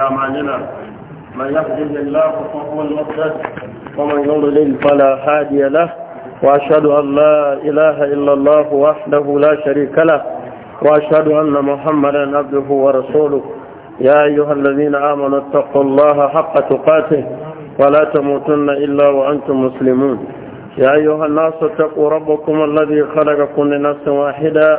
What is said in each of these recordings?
أعمالنا من يهده الله فهو المقدس ومن يضلل فلا هادي له وأشهد أن لا إله إلا الله وحده لا شريك له وأشهد أن محمدا عبده ورسوله يا أيها الذين آمنوا اتقوا الله حق تقاته ولا تموتن إلا وأنتم مسلمون يا أيها الناس اتقوا ربكم الذي خلقكم لنفس واحده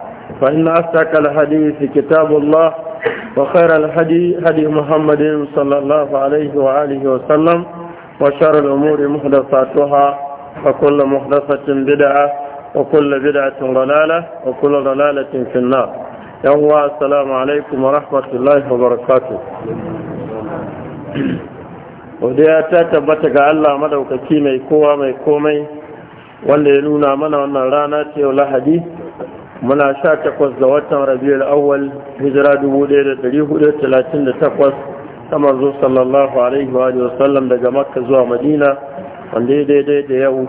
فإن أصدق الحديث كتاب الله وخير الهدي هدي محمد صلى الله عليه وآله وسلم وشر الأمور محدثاتها وكل محدثة بدعة وكل بدعة ضلالة وكل ضلالة في النار يوم السلام عليكم ورحمة الله وبركاته wadda ta tabbata ga Allah madaukaki mai kowa mai komai wanda ya nuna mana wannan rana ce lahadi muna sha takwas ga watan rabiul awwal hijira dubu ɗaya da da ɗari talatin takwas, ta manzo sallallahu alaihi wa sallam daga makka zuwa madina wanda ya daidai da yau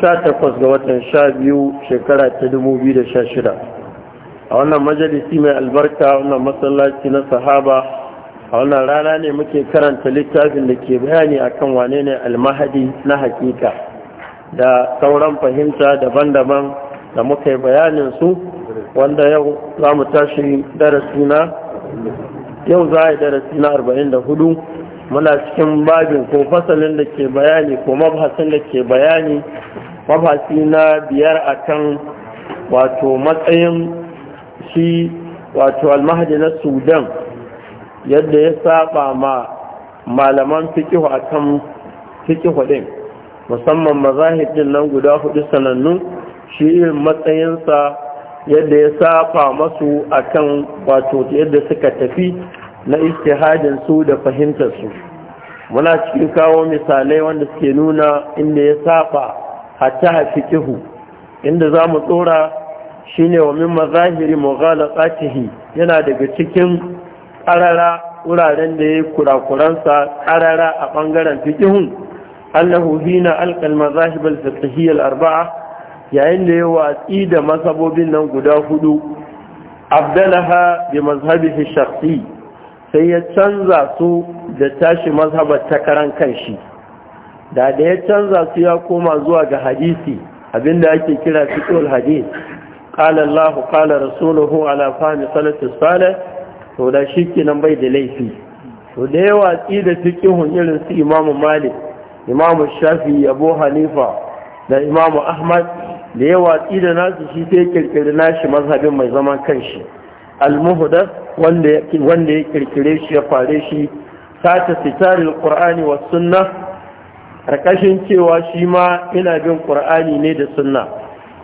sha takwas ga watan sha biyu shekara ta dubu biyu da sha shida. a wannan majalisi mai albarka wannan masallaci na sahaba a wannan rana ne muke karanta littafin da ke bayani akan wane ne almahadi na hakika da sauran fahimta daban-daban da muka yi bayanin su wanda yau za mu tashi darasi na yau za a yi darasi na 44 muna cikin babin ko fasalin da ke bayani ko mabhasin da ke bayani mabhasi na biyar akan wato matsayin shi wato almahadi na sudan yadda ya saba ma malaman fikihu akan fikihu din musamman mazahidin nan guda hudu sanannu shi irin matsayinsa yadda ya safa masu akan wato yadda suka tafi na istihadin su da fahimtar su muna cikin kawo misalai wanda suke nuna inda ya safa, hatta kihu. inda za mu tsora shine wa min mazahiri mughalaqatihi yana daga cikin qarara wuraren da ya yayi kurakuransa qarara a bangaren fiqihun annahu hina alqa zahibar mazahib arba'a yayin da ya watsi da masabobin nan guda hudu abdalaha bi mazhabihi shakhsi sai ya canza su da tashi mazhabar ta karan kanshi da da ya canza su ya koma zuwa ga hadisi abinda ake kira fiqhul hadith qala Allah qala rasuluhu ala fahmi salatu salih to da shikenan bai da laifi to da ya watsi da fiqhun irin su Imam Malik imamu Shafi, Abu Hanifa da Imam Ahmad da ya watsi da nasu shi sai kirkiri nashi mazhabin mai zaman kanshi al wanda ya kirkire shi ya fare shi sata sitaril qur'ani was sunna Ƙarƙashin cewa shi ma ina bin qur'ani ne da sunna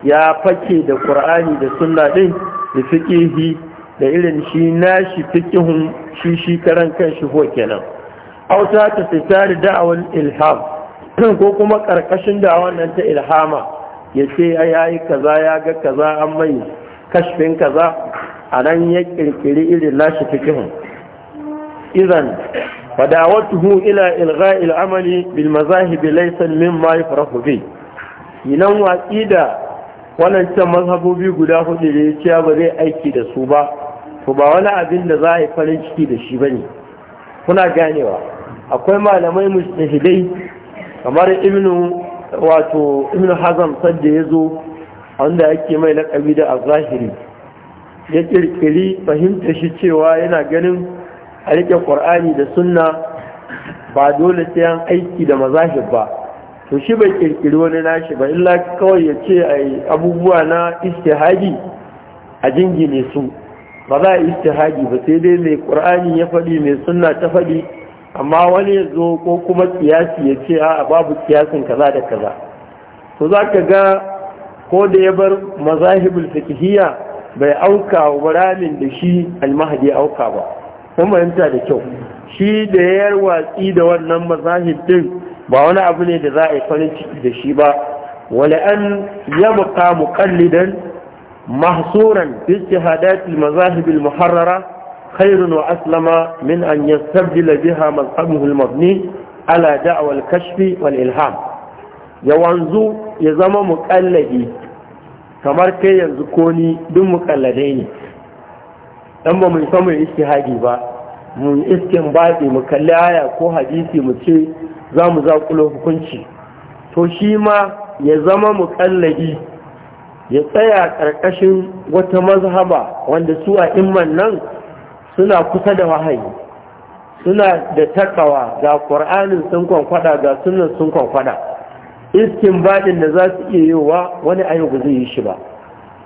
ya fake da ƙur'ani da sunna din da fiqihi da irin shi nashi fiqihun shi shi karan kanshi ko kenan aw sata sitar da'awal ilham ko kuma karkashin da'awar nan ta ilhama ya ce ya yi kaza ya ga kaza an mai kashfin kaza a nan ya kirkiri irin nashi fikihun idan fadawatuhu ila ilgha'i al'amali bil mazahib laysa mimma yafrahu bi inan waƙi da waɗancan mazhabobi guda hudu da ya ba zai aiki da su ba to ba wani abin da za a yi farin ciki da shi bane kuna ganewa akwai malamai mujtahidai kamar ibnu wato ibn hazam sadda ya zo wanda yake mai laƙabi da azahiri ya ƙirƙiri fahimta shi cewa yana ganin a riƙe ƙwar'ani da sunna ba dole sai an aiki da mazahib ba to shi bai ƙirƙiri wani nashi ba illa kawai ya ce a abubuwa na istihadi a jingine su ba za a istihadi ba sai dai mai ƙwar'ani ya faɗi mai sunna ta faɗi amma wani ya zo ko kuma kiyasi ya ce a babu siyasin kaza da kaza to za ka ga ko da ya bar mazahibul fikihiyya bai auka wa ramin da shi almahadi auka ba kuma yanta da kyau shi da ya watsi da wannan mazahib din ba wani abu ne da za a yi farin ciki da shi ba wala an yabqa muƙallidan mahsuran bi ijtihadatil muharrara khairun wa aslama min an yastabdila biha mazhabuhu al-mabni ala da'wa al ilham ya wanzu ya zama kamar kai yanzu ko ni duk muƙalladai ne dan ba mu san mu istihadi ba mu iskin baɗi mu kalli haya, ko hadisi mu ce za mu zaƙulo hukunci to shi ma ya zama muƙalladi ya tsaya ƙarƙashin wata mazhaba wanda su a imman nan suna kusa da wahayi suna da takawa ga Ƙur'ani sun kwankwada ga sunan sun kwankwada iskin baɗin da za su iya yiwa wani ayyuka zai yi shi ba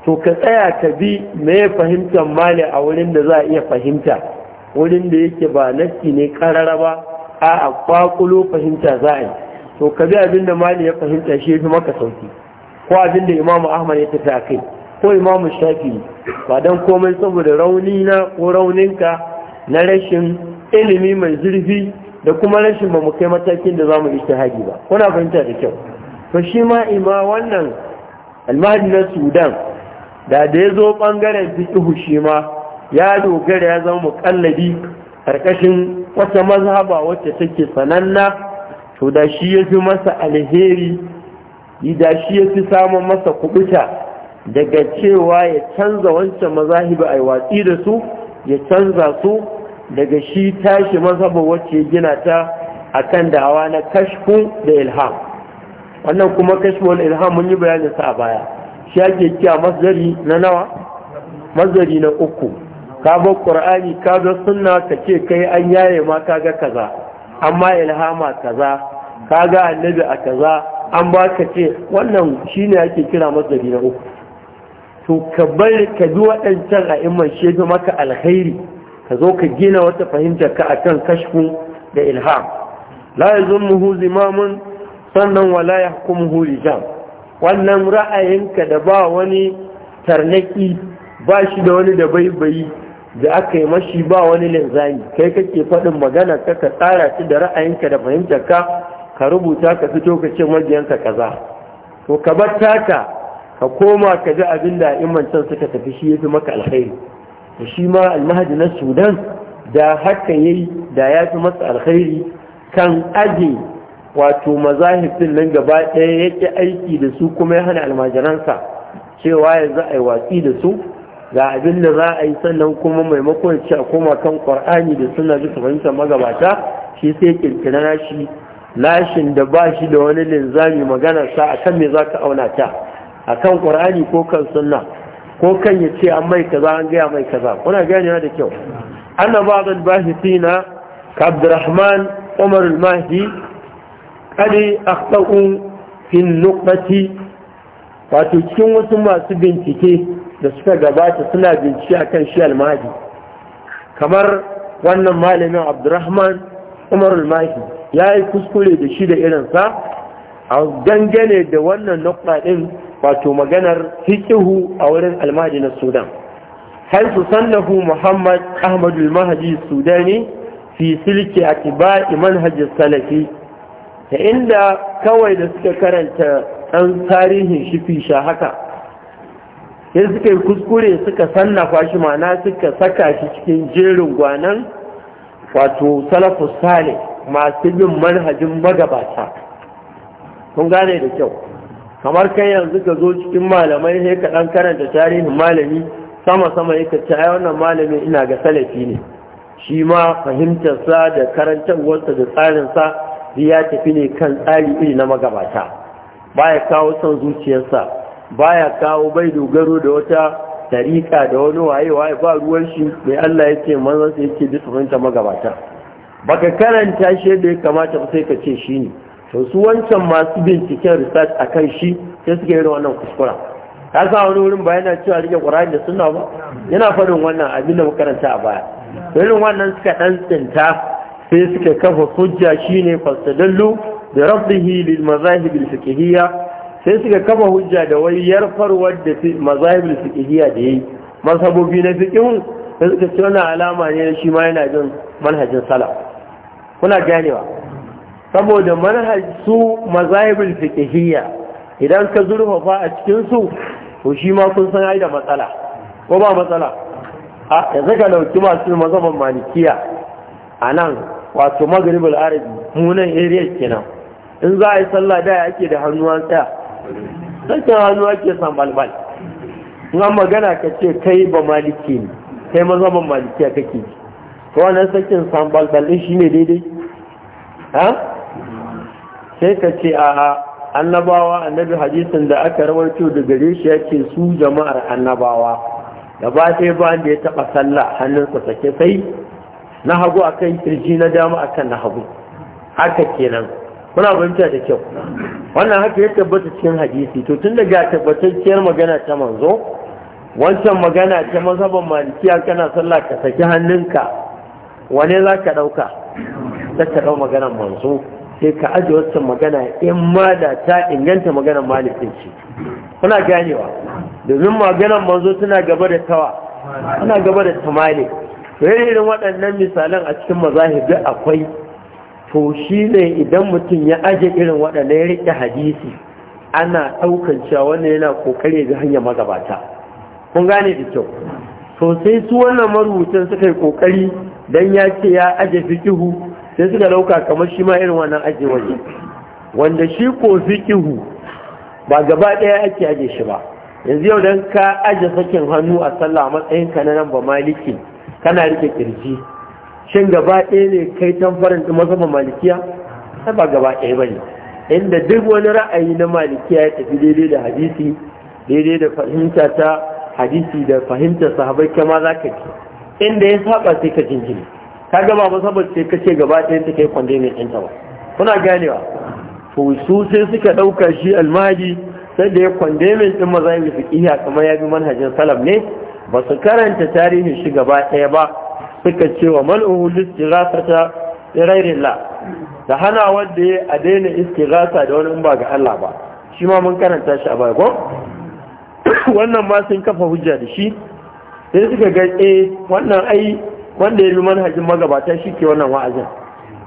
to ka tsaya ka bi me fahimtar mali a wurin da za a iya fahimta wurin da yake ba nafi ne karara ba a a kwakulo fahimta za a yi to ka bi abinda da mali ya fahimta shi ya fi maka sauki ko abinda da imamu ahmad ya tafi a kai ko imamu shafi ba don komai saboda rauni na ko rauninka na rashin ilimi mai zurfi da kuma rashin ba mu kai matakin da za mu ishtihadi ba kuna fahimta da kyau to shi ma ima wannan almahadi na sudan da da ya zo bangaren fiqhu shi ma ya dogara ya zama muƙalladi karkashin wata mazhaba wacce take sananna to da shi ya fi masa alheri da shi ya fi samun masa kubuta daga cewa ya canza wancan mazahibi a watsi da su ya canza su daga shi tashi mazhabin wacce ya gina ta a kan dawa na kashfu da ilham wannan kuma kashfu da ilham mun yi bayanin sa a baya shi ake kiya mazari na nawa Mazari na uku ka bar qur'ani ka ga sunna ka ce kai an yaye ma ka ga kaza amma ilhama kaza ka ga annabi a kaza an ba ka ce wannan shine ake kira mazari na uku to ka bar ka bi waɗancan a iman shefi maka alkhairi ka zo ka gina wata fahimtar ka akan kashfu da ilham la muhu zimamun sannan wala yahkumuhu rijam wannan ra'ayinka da ba wani tarnaki ba shi da wani da baibayi da aka yi mashi ba wani linzani, kai kake faɗin magana ka ka tsara shi da ra'ayinka da fahimtar ka ka rubuta ka fito ka ce majiyanka kaza to ka bar taka ka koma ka ji abin da imancan suka tafi shi ya fi maka alkhairi da shi ma almahadi na sudan da haka yayi da ya fi masa alkhairi kan aji wato mazahifin nan gaba ɗaya ƙi aiki da su kuma ya hana almajiransa cewa yanzu a yi watsi da su ga abin da za a yi sannan kuma maimakon ce a koma kan ƙwar'ani da suna bisa fahimtar magabata shi sai ƙirƙira shi lashin da ba shi da wani linzami magana sa a kan me za ka auna ta akan qur'ani ko kan sunna ko kan ya ce an mai kaza an gaya mai kaza kuna ganewa da kyau anna ba'd al-bahithina ka Abdurrahman Umar al-Mahdi kadi akhtau fi nuqati wato cikin wasu masu bincike da suka gabata suna bincike akan shi al-Mahdi kamar wannan malamin Abdurrahman Umar al-Mahdi ya yi kuskure da shi da irinsa a dangane da wannan nukta ɗin wato maganar hikihu a wurin almahadi na sudan su sannahu muhammad ahmadu mahadi sudani fi silki a iman manhajin salafi ta inda kawai da suka karanta ɗan tarihin shi sha haka sai suka yi kuskure suka sannafa shi mana suka saka shi cikin jerin gwanan wato Salafu sale masu bin manhajin magabata kun gane da kyau kamar kai yanzu ka zo cikin malamai sai ka dan karanta tarihin malami sama sama yake ce ai wannan malami ina ga salafi ne shi ma fahimtarsa da karantarwarsa da tsarinsa ya tafi ne kan tsari iri na magabata baya kawo son zuciyarsa baya kawo bai dogaro da wata tariƙa da wani waye waye ba ruwan shi mai Allah ya ce manzansa yake duk fahimta magabata baka karanta shi da ya kamata ba sai ka ce shi ne to su wancan masu binciken research a kan shi sai suke yi wannan kuskura ta sa wani wurin ba yana cewa rike ƙwararri da suna ba yana faɗin wannan abin da makaranta a baya irin wannan suka ɗan tsinta sai suka kafa hujja shine fasadallu da rafihi hilin mazahibin al sai suka kafa hujja da wai yarfarwar da mazahib al fiqhiyya da yayi mazhabobi na fikin sai suka ce wannan alama ne shi ma yana jin manhajin salaf kuna ganewa saboda manhaj su mazahibul fiqhiyya idan ka zurfafa a cikin su to shi ma kun san ai da matsala ko ba matsala a yanzu ka dauki masu mazhaban malikiya a nan wato maghribul arabi munan nan area kenan in za a yi sallah da ake da an tsaya sakin hannu ake san balbal in an magana ka ce kai ba maliki ne kai mazhaban malikiya kake to wannan sakin san balbal din shine daidai ha sai ka ce a annabawa annabi hadisin da aka rawaito da gare shi yake su jama'ar annabawa da ba sai ba da ya taba sallah hannunsa sake sai na hagu akan kirji na dama akan na hagu haka kenan muna fahimta da kyau wannan haka ya tabbata cikin hadisi to tun daga tabbatacciyar magana ta manzo wancan magana ta mazhaban malikiya kana sallah ka saki hannunka wane zaka ka ɗauka ta maganar manzo sai ka aje wacce magana in ma da ta inganta maganar malikin kuna ganewa domin maganar manzo tana gaba da tawa tana gaba da tamale irin waɗannan misalan a cikin mazahibi akwai to shi ne idan mutum ya aje irin waɗannan ya riƙe hadisi ana ɗaukan cewa wannan yana ƙoƙari ga hanya magabata kun gane da kyau Sosai su wannan marubutan suka yi ƙoƙari don ya ce ya aje fikihu sai suka dauka kamar shi ma irin wannan ake waje wanda shi ko fikihu ba gaba daya ake aje shi ba yanzu yau dan ka aje sakin hannu a sallah matsayin ka na nan ba maliki kana rike kirji shin gaba daya ne kai tamfarin mazhaban malikiya sai ba gaba daya bane inda duk wani ra'ayi na malikiya ya tafi daidai da hadisi daidai da fahimta ta hadisi da fahimtar sahabbai kama za ka ji inda ya saba sai ka jinjina ka gaba ba masabar ce kake gaba ɗaya ta kai kwande mai ɗinta ba kuna ganewa to su sai suka ɗauka shi almadi sai da ya kwande mai ɗin mazahibul fiqhiyya kamar ya bi manhajin salam ne ba su karanta tarihin shi gaba ɗaya ba suka ce wa mal'uhu listirasata la, da hana wanda ya a daina rasa da wani ba ga Allah ba shi ma mun karanta shi a baya ko wannan ma sun kafa hujja da shi sai suka ga eh wannan ai wanda ya bi manhajin magabata shi ke wannan wa'azin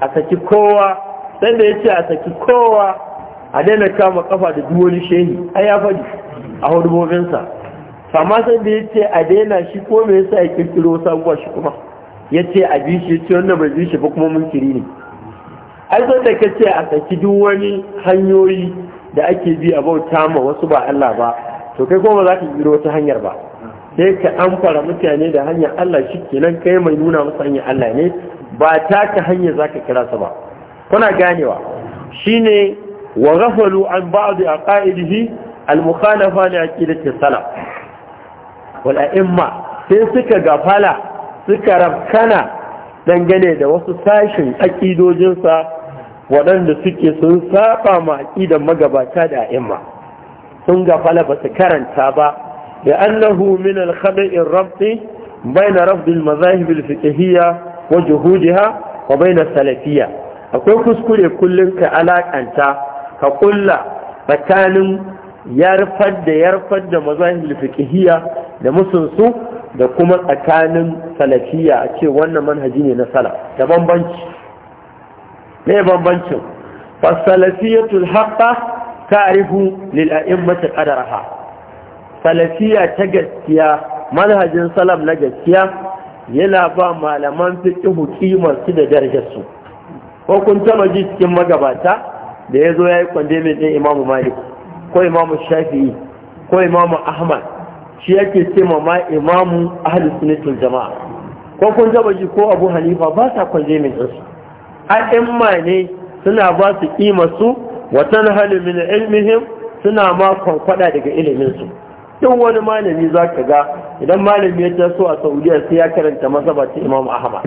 a saki kowa sanda ya ce a saki kowa a daina kama kafa da duk wani shehi a ya faɗi a hudubobinsa amma sai da ya ce a daina shi ko me yasa ya kirkiro sabuwa shi kuma ya ce a bi shi ce wanda bai bi shi ba kuma munkiri ne ai sai da ka ce a saki duk wani hanyoyi da ake bi a bauta ma wasu ba Allah ba to kai kuma ba za ka kirkiro wata hanyar ba sai ka amfara mutane da hanyar Allah shi kenan kai mai nuna musu hanyar Allah ne ba ta ka hanyar za ka kira su ba kuna ganewa shine wa rafalu an a aqaidihi al-mukhalafa a ƙidar salaf wala imma sai suka gafala suka rafkana dangane da wasu sashen aƙidojinsa waɗanda suke sun saba ma aƙidan magabata da a'imma sun gafala ba su karanta ba لأنه من الخبئ الربط بين رفض المذاهب الفقهية وجهودها وبين السلفية أقول كسكولي كل كألاك أنت فقل مكان يرفض يرفض مذاهب الفقهية لمسنسو da kuma tsakanin salafiya a ce wannan manhaji ne na sala da bambanci ne bambancin fasalafiyatul haqqa ta'rifu lil a'immati qadaraha salafiya ta gaskiya manhajin salam na gaskiya yana ba malaman fiƙihu kimar su da darajarsu ko kun ta maji cikin magabata da ya zo ya yi kwandemin ɗin imamu malik ko imamu shafi'i ko imamu ahmad shi yake ce ma ma imamu ahli sunnatul jama'a ko kun taba ji ko abu hanifa ba sa kwandemin ɗinsu ma ne suna ba su kimar su wa tanhalu min ilmihim suna ma kwankwada daga iliminsu duk wani malami za ka ga idan malami ya taso a saudiya sai ya karanta mazhaba ta imam ahmad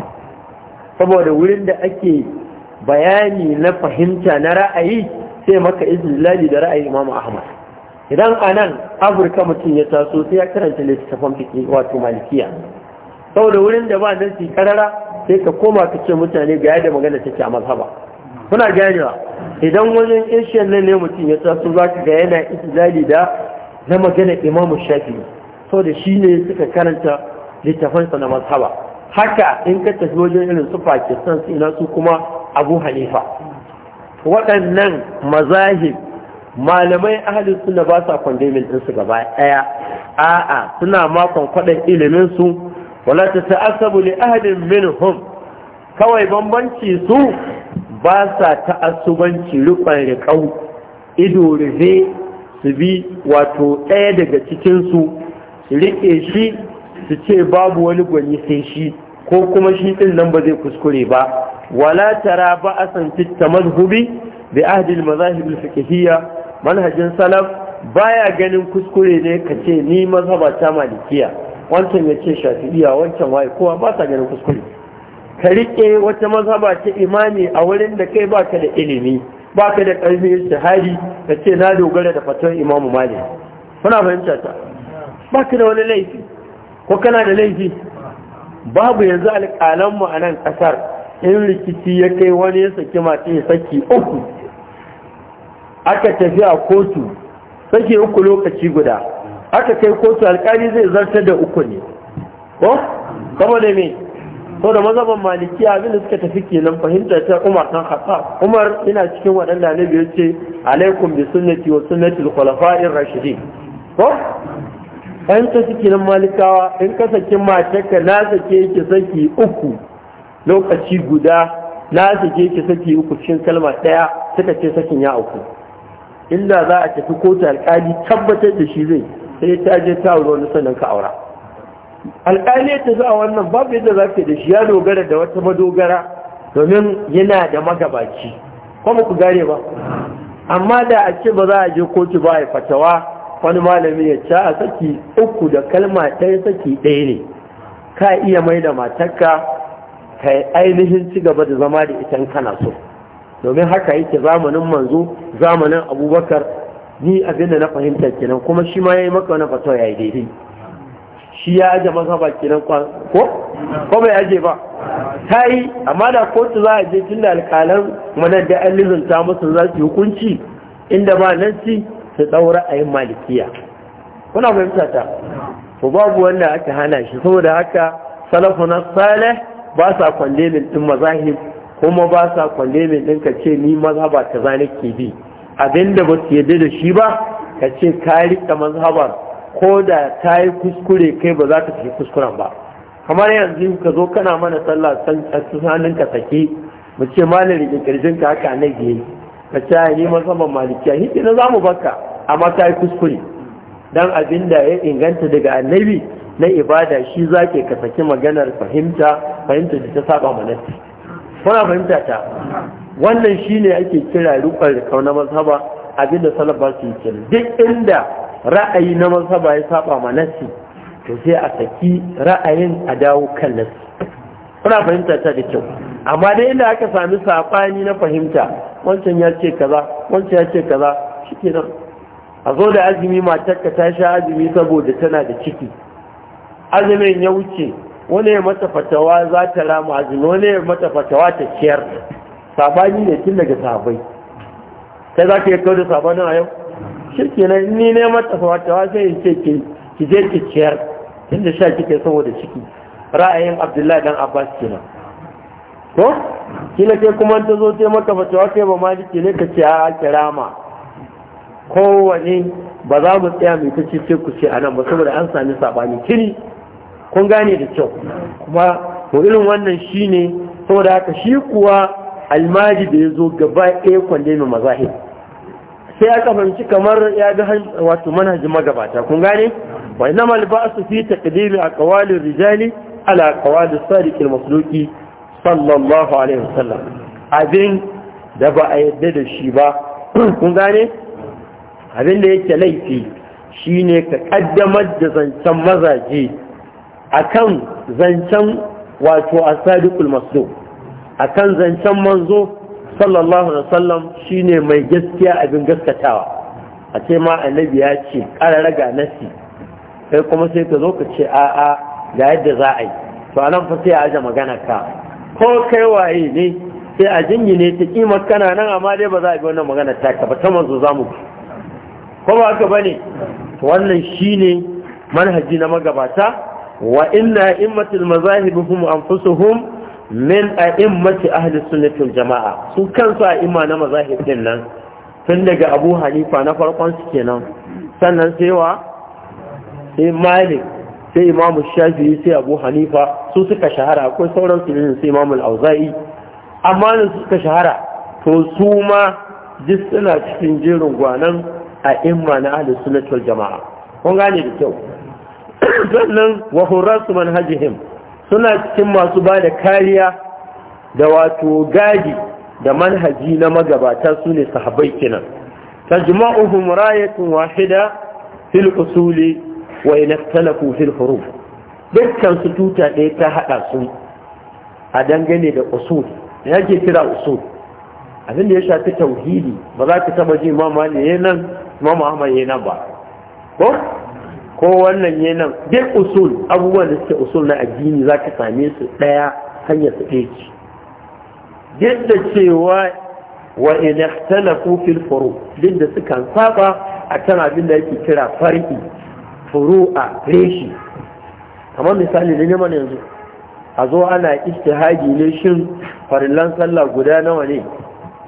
saboda wurin da ake bayani na fahimta na ra'ayi sai maka izlali da ra'ayi imam ahmad idan a nan afirka mutum ya taso sai ya karanta littattafan fiki wato malikiya saboda wurin da ba nan karara sai ka koma ka ce mutane ga yadda magana take a mazhaba kuna ganewa idan wajen asian nan ne mutum ya taso za ka ga yana izlali da na magana imamu so saboda shi ne suka karanta littafansa na mazhaba haka in ka tafi wajen irin su pakistan su ina su kuma abu hanifa waɗannan mazahib malamai ahalin suna ba sa kwandemin ɗinsu gaba ɗaya a'a suna makon kwaɗin ilimin su wala ta ta'assabu li min minhum kawai bambanci su ba sa ta'assubanci rukun riƙau ido rufe su bi wato ɗaya daga cikinsu su riƙe shi su ce babu wani gwani sai shi ko kuma shi ɗin nan ba zai kuskure ba wala tara ba a san fitta mazhubi bi ahdil mazahibul fiqhiyya manhajin salaf baya ganin kuskure ne ka ce ni mazhaba ta malikiya wancan ya ce shafi'iya wancan waye kowa ba sa ganin kuskure ka riƙe wata mazhaba ta imani a wurin da kai baka da ilimi ba ka da ƙarfin shahari ka ce na dogara da fatan imamu malik muna fahimta ta ba ka da wani laifi ko kana da laifi babu yanzu alƙalanmu a nan ƙasar in rikici ya kai wani ya saki mace ya saki uku aka tafi a kotu saki uku lokaci guda aka kai kotu alƙali zai zartar da uku ne ko saboda me ko da mazhaban maliki abin da suka tafi kenan fahimta ta Umar kan Umar yana cikin waɗanda ne ya ce alaikum bi sunnati wa sunnati al-khulafa'ir rashidin ko an ta suke nan malikawa in ka saki matarka na sake ki saki uku lokaci guda na sake ki saki uku cikin kalma ɗaya suka ce sakin ya uku illa za a tafi kotu alƙali tabbatar da shi zai sai ta je ta wuri wani sannan ka aura alƙali ta zuwa wannan babu yadda za ka da shi ya dogara da wata madogara domin yana da magabaci kuma ku gane ba amma da a ce ba za a je kotu ba ya fatawa wani malami ya ca a saki uku da kalma ɗaya saki ɗaya ne ka iya mai da matarka ka ainihin ci gaba da zama da ita kana so domin haka yake zamanin manzo zamanin abubakar ni abinda na fahimtar kenan kuma shi ma ya yi maka wani fatawa ya yi daidai shi ya aje ke nan kwan ko ko bai aje ba ta yi amma da kotu za a je tun da alƙalan manar da an ta musu za su hukunci inda ba nan ci su tsaura a yin malikiya kuna fahimtata? ta ko babu wanda aka hana shi saboda haka salafu na salih ba sa min din mazahib kuma ba sa min ɗin ka ce ni ta zane ke bi abinda ba su yadda da shi ba ka ce ka rika mazhabar ko da ta yi kuskure kai ba za ta fi kuskuren ba kamar yanzu ka zo kana mana sallah san tsananin ka sake mu ce malami rike kirjin ka haka na biye ka yi ni mazhaban malikiya hiki na zamu baka amma ta yi kuskure dan abin da ya inganta daga annabi na ibada shi zake ka saki maganar fahimta fahimta da ta saba mana kuna fahimta ta wannan shine ake kira rukun kauna mazhaba abinda salaf ba su yi duk inda ra'ayi na mazhaba ya saba ma nassi to sai a saki ra'ayin a dawo kan nassi kuna fahimta ta da kyau amma dai inda aka sami sabani na fahimta wancan ya ce kaza wancan ya ce kaza shike nan a zo da azumi matarka ta sha azumi saboda tana da ciki azumin ya wuce wani ya mata fatawa za ta rama azumi wani ya mata fatawa ta ciyar sabani ne tun daga sabai kai za ka yi kawo da sabanin a yau shirki na ni ne mata fatawa sai ce ki ki je ki ciyar inda sha kike saboda ciki ra'ayin abdullahi dan abbas kenan ko kila kai kuma ta zo ta maka fatawa kai ba kike ne ka ce a kirama kowane ba za mu tsaya mai ta ce ku ce anan ba saboda an sami sabani kini kun gane da kyau kuma to irin wannan shine saboda haka shi kuwa almaji da ya zo gaba ɗaya kwande mai mazahib sai aka fahimci kamar ya bi wato manhajin magabata kun gane wa inama su fi taqdimi aqwali rijali ala aqwali sadiq Masluki, sallallahu alaihi wasallam abin da ba a yadda da shi ba kun gane abin da yake laifi shine ka kaddamar da zancen mazaje akan zancen wato asadiqul masluk akan zancen manzo sallallahu alaihi wasallam shine mai gaskiya abin gaskatawa a ce ma annabi ya ce ga nasi sai kuma sai ka zo ka ce a'a ga yadda za a yi to anan fa sai a aje magana ka ko kai waye ne sai a ne ta kimar kana nan amma dai ba za a bi wannan magana ta ka ba ta manzo za mu ko ba haka bane wannan shine manhaji na magabata wa inna immatul mazahibuhum anfusuhum min mace ahli sunnati jama'a su kansu a ima na mazahib din nan tun daga Abu Hanifa na farkon su kenan sannan sai wa sai Malik sai Imam Shafi'i sai Abu Hanifa su suka shahara akwai sauran su ne sai imamu al’auza’i amma ne suka shahara to su ma duk suna cikin jerin gwanan a'imma na ahli sunnati jama'a kun gane da kyau sannan wa manhaji manhajihim suna cikin masu ba da kariya da wato gadi da manhaji na magabata su ne sahabai kinan tajma'uhum rayatun wahida fil usuli wa inaktalafu fil huruf dukkan su tuta ɗaya ta haɗa su a dangane da usul yake kira usul abin da ya shafi tauhidi ba za ka taba ji mama ne nan mama ahmad nan ba ko wannan ne nan duk usul abubuwan da suke usul na addini za ka same su ɗaya hanyar su ɗaya ce duk da cewa wa in tana fil furu duk da kan saba a kan abin da yake kira far'i furu'a reshi kamar misali da neman yanzu a zo ana ijtihadi ne shin farillan sallah guda nawa ne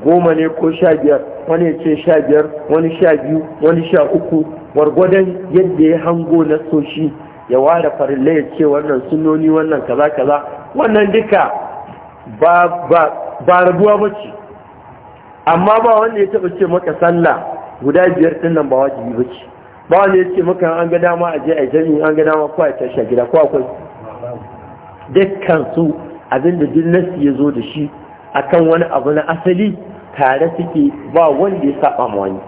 goma ne ko sha biyar wani ya ce sha biyar wani sha biyu wani sha uku gwargwadon yadda ya hango na soshi ya ware farilla ya ce wannan sunoni wannan kaza kaza wannan duka ba rabuwa ba ce amma ba wanda ya taɓa ce maka sallah guda biyar ɗin nan ba wajibi ba ce ba wanda ya ce maka an ga dama a je a jami'in an ga dama ko a tashi gida ko akwai dukkan su abinda duk nasi ya zo da shi akan wani abu na asali tare suke ba wanda ya saba ma wani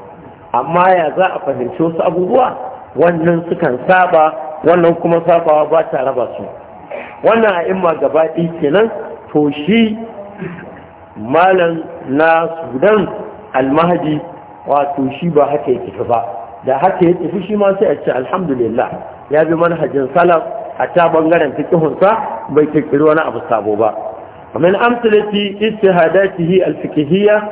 amma ya za a fahimci wasu abubuwa wannan sukan saba wannan kuma sabawa ba ta raba su wannan a ma gaba ɗi kenan to shi malam na sudan almahadi wato shi ba haka ya tafi ba da haka ya tafi shi ma sai a ce alhamdulillah ya bi manhajin salaf a ta bangaren fikihunsa bai kirkiri wani abu sabo ba ومن أمثلة اجتهاداته الفكهية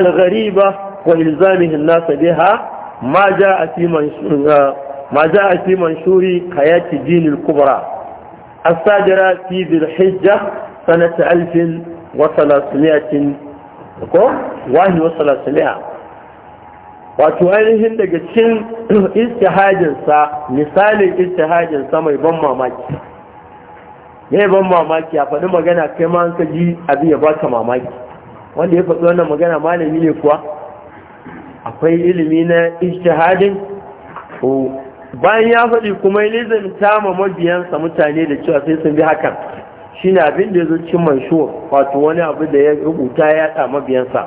الغريبة وإلزامه الناس بها ما جاء في ما جاء في منشور حياة الدين الكبرى الصادرة في ذي الحجة سنة ألف وثلاثمائة واحد وثلاثمائة wato ainihin daga cikin istihajinsa misalin istihajinsa mai ban mamaki ne ban mamaki a faɗi magana kai ma ka ji abin ya baka mamaki wanda ya faɗi wannan magana malami ne kuwa akwai ilimi na ijtihadin bayan ya faɗi kuma ya ta ma mabiyansa mutane da cewa sai sun bi hakan shi ne abin da ya zo cin manshuwa wato wani abu da ya rubuta ya ɗa mabiyansa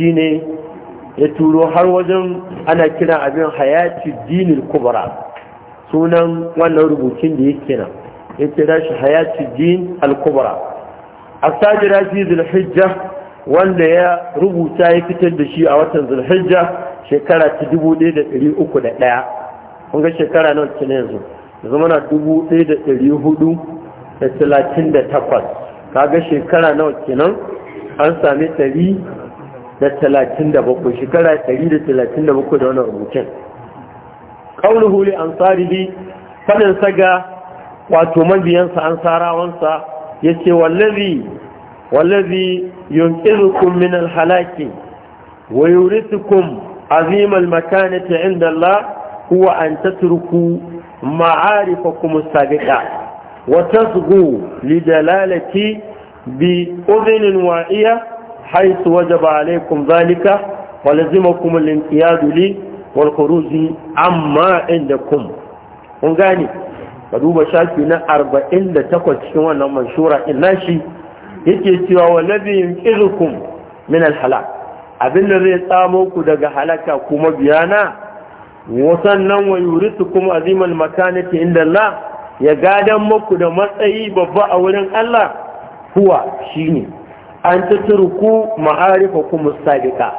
ne ya turo har wajen ana kiran abin hayati dinin kubra sunan wannan rubutun da yake nan yake kira shi din al-kubra aziz al-hijja wanda ya rubuta ya fitar da shi a watan zulhijja shekara ta 1301 kun ga shekara nawa ce ne yanzu yanzu muna 1438 kaga shekara nawa kenan an sami 137 shekara 137 da wannan rubutun qawluhu li ansarihi fadin saga wato mabiyansa an sarawansa ya ce wallazi wallazi yunqizukum min alhalaki wa yuritukum azim almakanati inda Allah huwa an tatruku ma'arifakum as-sabiqa wa tasghu lidalalati bi udhnin wa'iya حيث وجب عليكم ذلك ولزمكم الانقياد لي والخروج amma عندكم ungani ka duba shafi na arba'in da takwas cikin wannan manshura in shi yake cewa wa nabiyin izukum min alhala abin da zai tsamo ku daga halaka kuma biyana wasannan wa su kuma azimal makanati inda Allah ya gadan maku da matsayi babba a wurin Allah huwa shine an ku ma'arifa ku musabika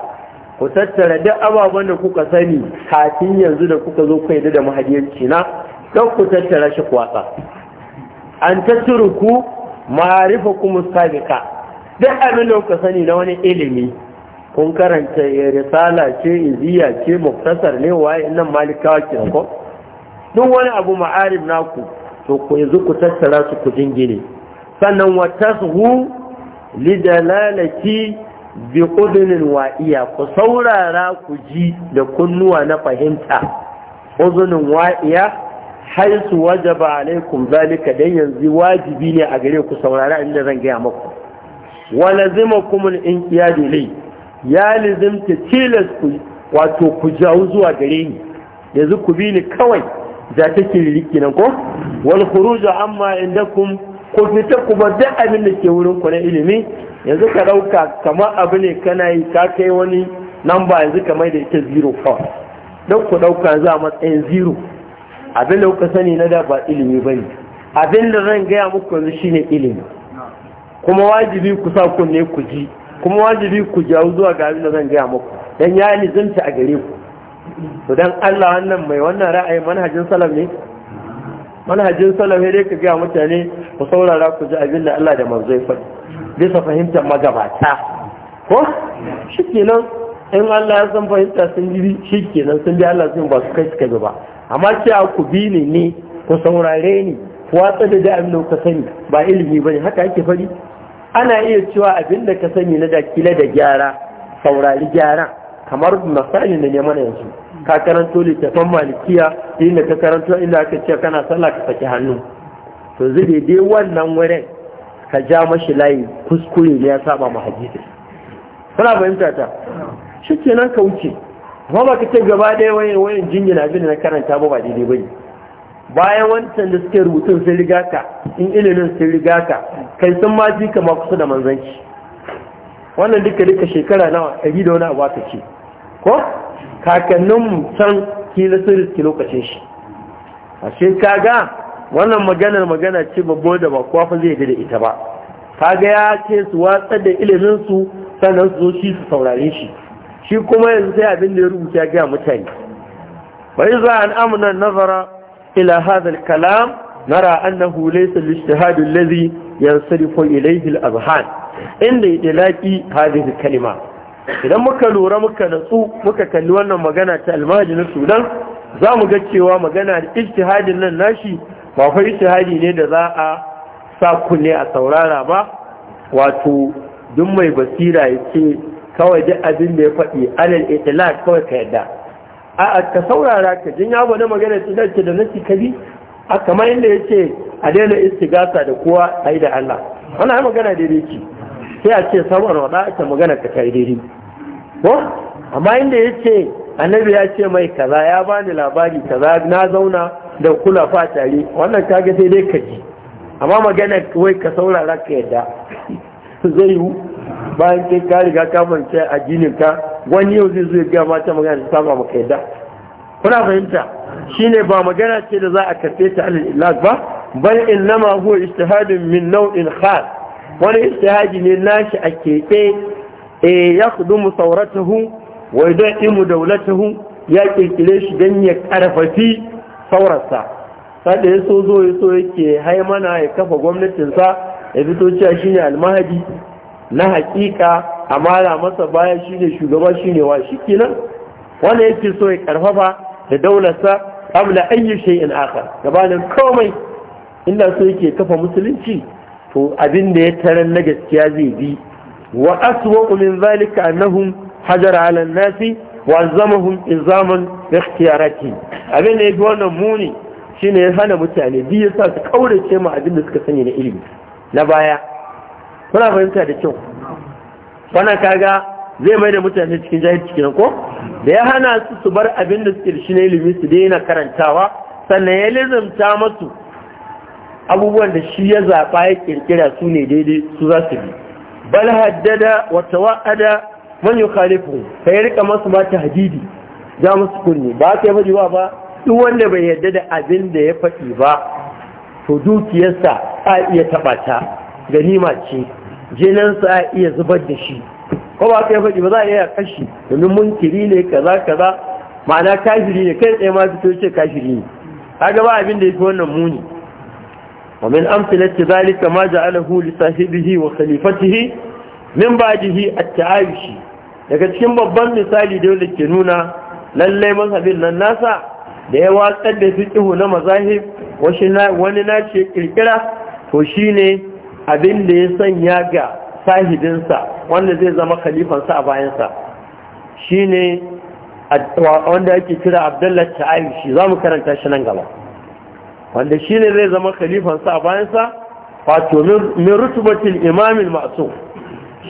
ku tattara duk ababen da kuka sani kafin yanzu da kuka zo kai da mahadiyanci na don ku tattara shi kwasa an tattaruku ma'arifa kuma sabiqa duk abin da kuka sani na wani ilimi kun karanta risala ce iziya ce muftasar ne waye nan malikawa ke ko duk wani abu ma'arif naku to ku yanzu ku tattara su ku jingine sannan wata su lidalalaki bi udunin wa'iya ku saurara ku ji da kunnuwa na fahimta uzunin wa'iya haisu wajaba alaikum zalika dan yanzu wajibi ne a gare ku saurari inda zan gaya muku wa lazimakum al-inqiyad li ya lazimta tilas ku wato ku jawo zuwa gare ni yanzu ku bi ni kawai da take riki nan ko wal khuruj amma indakum ku fita ku bar da abin da ke wurin ku na ilimi yanzu ka dauka kamar abu ne kana yi ka kai wani namba yanzu kamar da ita zero kawai don ku ɗauka, za a matsayin ziro. abin da kuka sani na da ba ilimi ba ne abin da zan gaya muku yanzu shine ilimi kuma wajibi ku sa kunne ku ji kuma wajibi ku jawo zuwa ga abin da zan gaya muku dan ya nizanta a gare ku to dan Allah wannan mai wannan ra'ayi manhajin salaf ne manhajin salaf ne ka gaya mutane ku saurara ku ji abin da Allah da manzo ya faɗi bisa fahimtar magabata ko shi kenan in Allah ya san fahimta sun shi kenan sun bi Allah sun ba su kai suka ba amma a ku bi ne ne, ku saurare ni ku watsa da da'in da ka sani ba ilimi ba ne, haka ake fari ana iya cewa abin da ka sani na dakila da gyara saurari gyara kamar misali na ne mana yanzu ka karanto littafin malikiya inda ka karanto inda aka ce kana sallah ka saki hannu to zai dai wannan wurin ka ja mashi layi kuskure ne ya saba ma hadisi kana fahimta ta shi kenan ka wuce kuma ba ka ce gaba ɗaya wayan wayan jingina abin da na karanta ba ba daidai ba ne bayan wancan da suke rubutun sun riga ka in ilimin sun riga ka kai sun ma ji kama kusa da manzanci wannan duka duka shekara nawa ɗari da wani abu aka ce ko kakannin can kila sun riski lokacin shi a kaga wannan maganar magana ce babbo da ba kowa fa zai da ita ba kaga ya ce su watsar da ilimin su sannan su zo shi su saurare shi shi kuma yanzu sai abin da ya rubuta ya gaya mutane bai za an amna nazara ila hadal kalam nara annahu laysa al-ijtihad alladhi yansarifu ilayhi al-azhan inda idlaqi hadhihi kalima idan muka lura muka natsu muka kalli wannan magana ta al-mahajin na sudan zamu ga cewa magana da ijtihadin nan nashi ba fa ijtihadi ne da za a sa kunne a saurara ba wato duk mai basira yake kawai duk abin da ya faɗi alal itlaq kawai ka yadda a ka saurara ka jin ya bada magana ta dace da nasi kabi a kamar yadda ya ce a daina istigasa da kowa a yi da Allah wannan magana daidai ce sai a ce saboda wada ake magana ka kai daidai ko amma inda ya ce annabi ya ce mai kaza ya bani labari kaza na zauna da kula fa tare wannan kaga sai dai ka ji amma magana wai ka saurara ka yadda zai yi bayan kai ka riga ka mance addinin ka wani yau zai zo ya ga mata magana ta saba maka yadda kuna fahimta shine ba magana ce da za a karfe ta alal ilaq ba bal innama huwa ijtihadun min nau'in khas wani ijtihadi ne nashi a keɓe eh ya kudumu sauratahu wa yudaimu daulatahu ya kirkire shi dan ya karfafi saurarsa sada ya so zo ya so yake haimana ya kafa gwamnatinsa ya fito cewa shine almahadi na hakika a mara masa baya ne shugaba ne wa kenan wanda yake so ya karfafa da daularsa qabla ayyi shay'in akhar gabanin komai inda so yake kafa musulunci to abin da ya taran na gaskiya zai bi wa asuwa min zalika na hajara 'ala an-nasi wa azamahum izaman bi kiyaraki abin da ya fi wannan muni shi ne ya hana mutane biyu sa su kaurace ma abin da suka sani na ilimi na baya kuna fahimta da kyau wannan kaga zai mai da mutane cikin jahil cikin ko da ya hana su su bar abin da suke shi na ilimi su daina karantawa sannan ya lizamta masu abubuwan da shi ya zaɓa ya ƙirƙira su ne daidai su za su bi bal haddada wa wa'ada man yukhalifu sai rika masu ma hadidi, za musu kunni ba ka yi ba duk wanda bai yarda da abin da ya faɗi ba to dukiyarsa a iya taɓa ganima ce jininsa a iya zubar da shi ko ba kai faɗi ba za a iya kashi domin munkiri ne kaza kaza ma'ana kafiri ne kai tsaye ma fito ce kashiri ne kaga ba abin da yake wannan muni wa min amsalati zalika ma ja'alahu li sahibihi wa khalifatihi min ba'dihi at-ta'ayushi daga cikin babban misali da ke nuna lallai mazhabin nan nasa da ya watsar da kihu na mazahib wani na ce kirkira to shine abin da ya sanya ga sahibinsa wanda zai zama khalifansa a bayansa shi ne wanda yake kira Abdullahi Ta'ayi shi za mu karanta shi nan gaba wanda shi ne zai zama khalifansa a bayansa wato min rutubatin imamin masu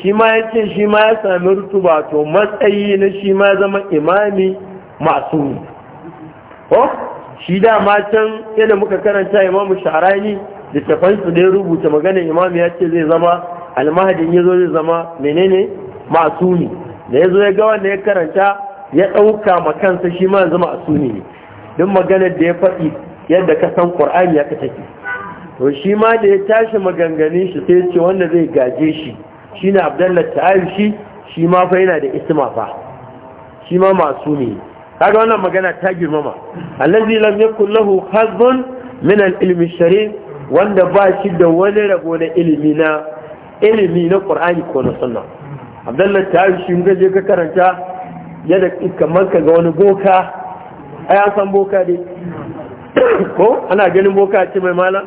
shi ma ya ce shi ma ya sami rutuba to matsayi na shi ma ya zama imami masu ne shi da matan yadda muka karanta imamu sharani littafan su dai rubuta magana imam ya ce zai zama almahadin ya zo zai zama menene ma'asumi da ya zo ya ga wanda ya karanta ya ɗauka ma kansa shi ma zama ma'asumi ne duk maganar da ya faɗi yadda ka san ƙwar'ani ya ka tafi to shi ma da ya tashi maganganin shi sai ce wanda zai gaje shi shi ne abdullahi ta shi ma fa yana da isma fa shi ma ne kaga wannan magana ta girmama allazi lam yakul lahu hazbun min al-ilmi sharif wanda ba shi da wani rabo na ilimi na ilimi na ko na sunna Abdullahi ta yi shi ga je ka karanta yadda kamar ka ga wani boka ai an san boka dai ko ana ganin boka ce mai mala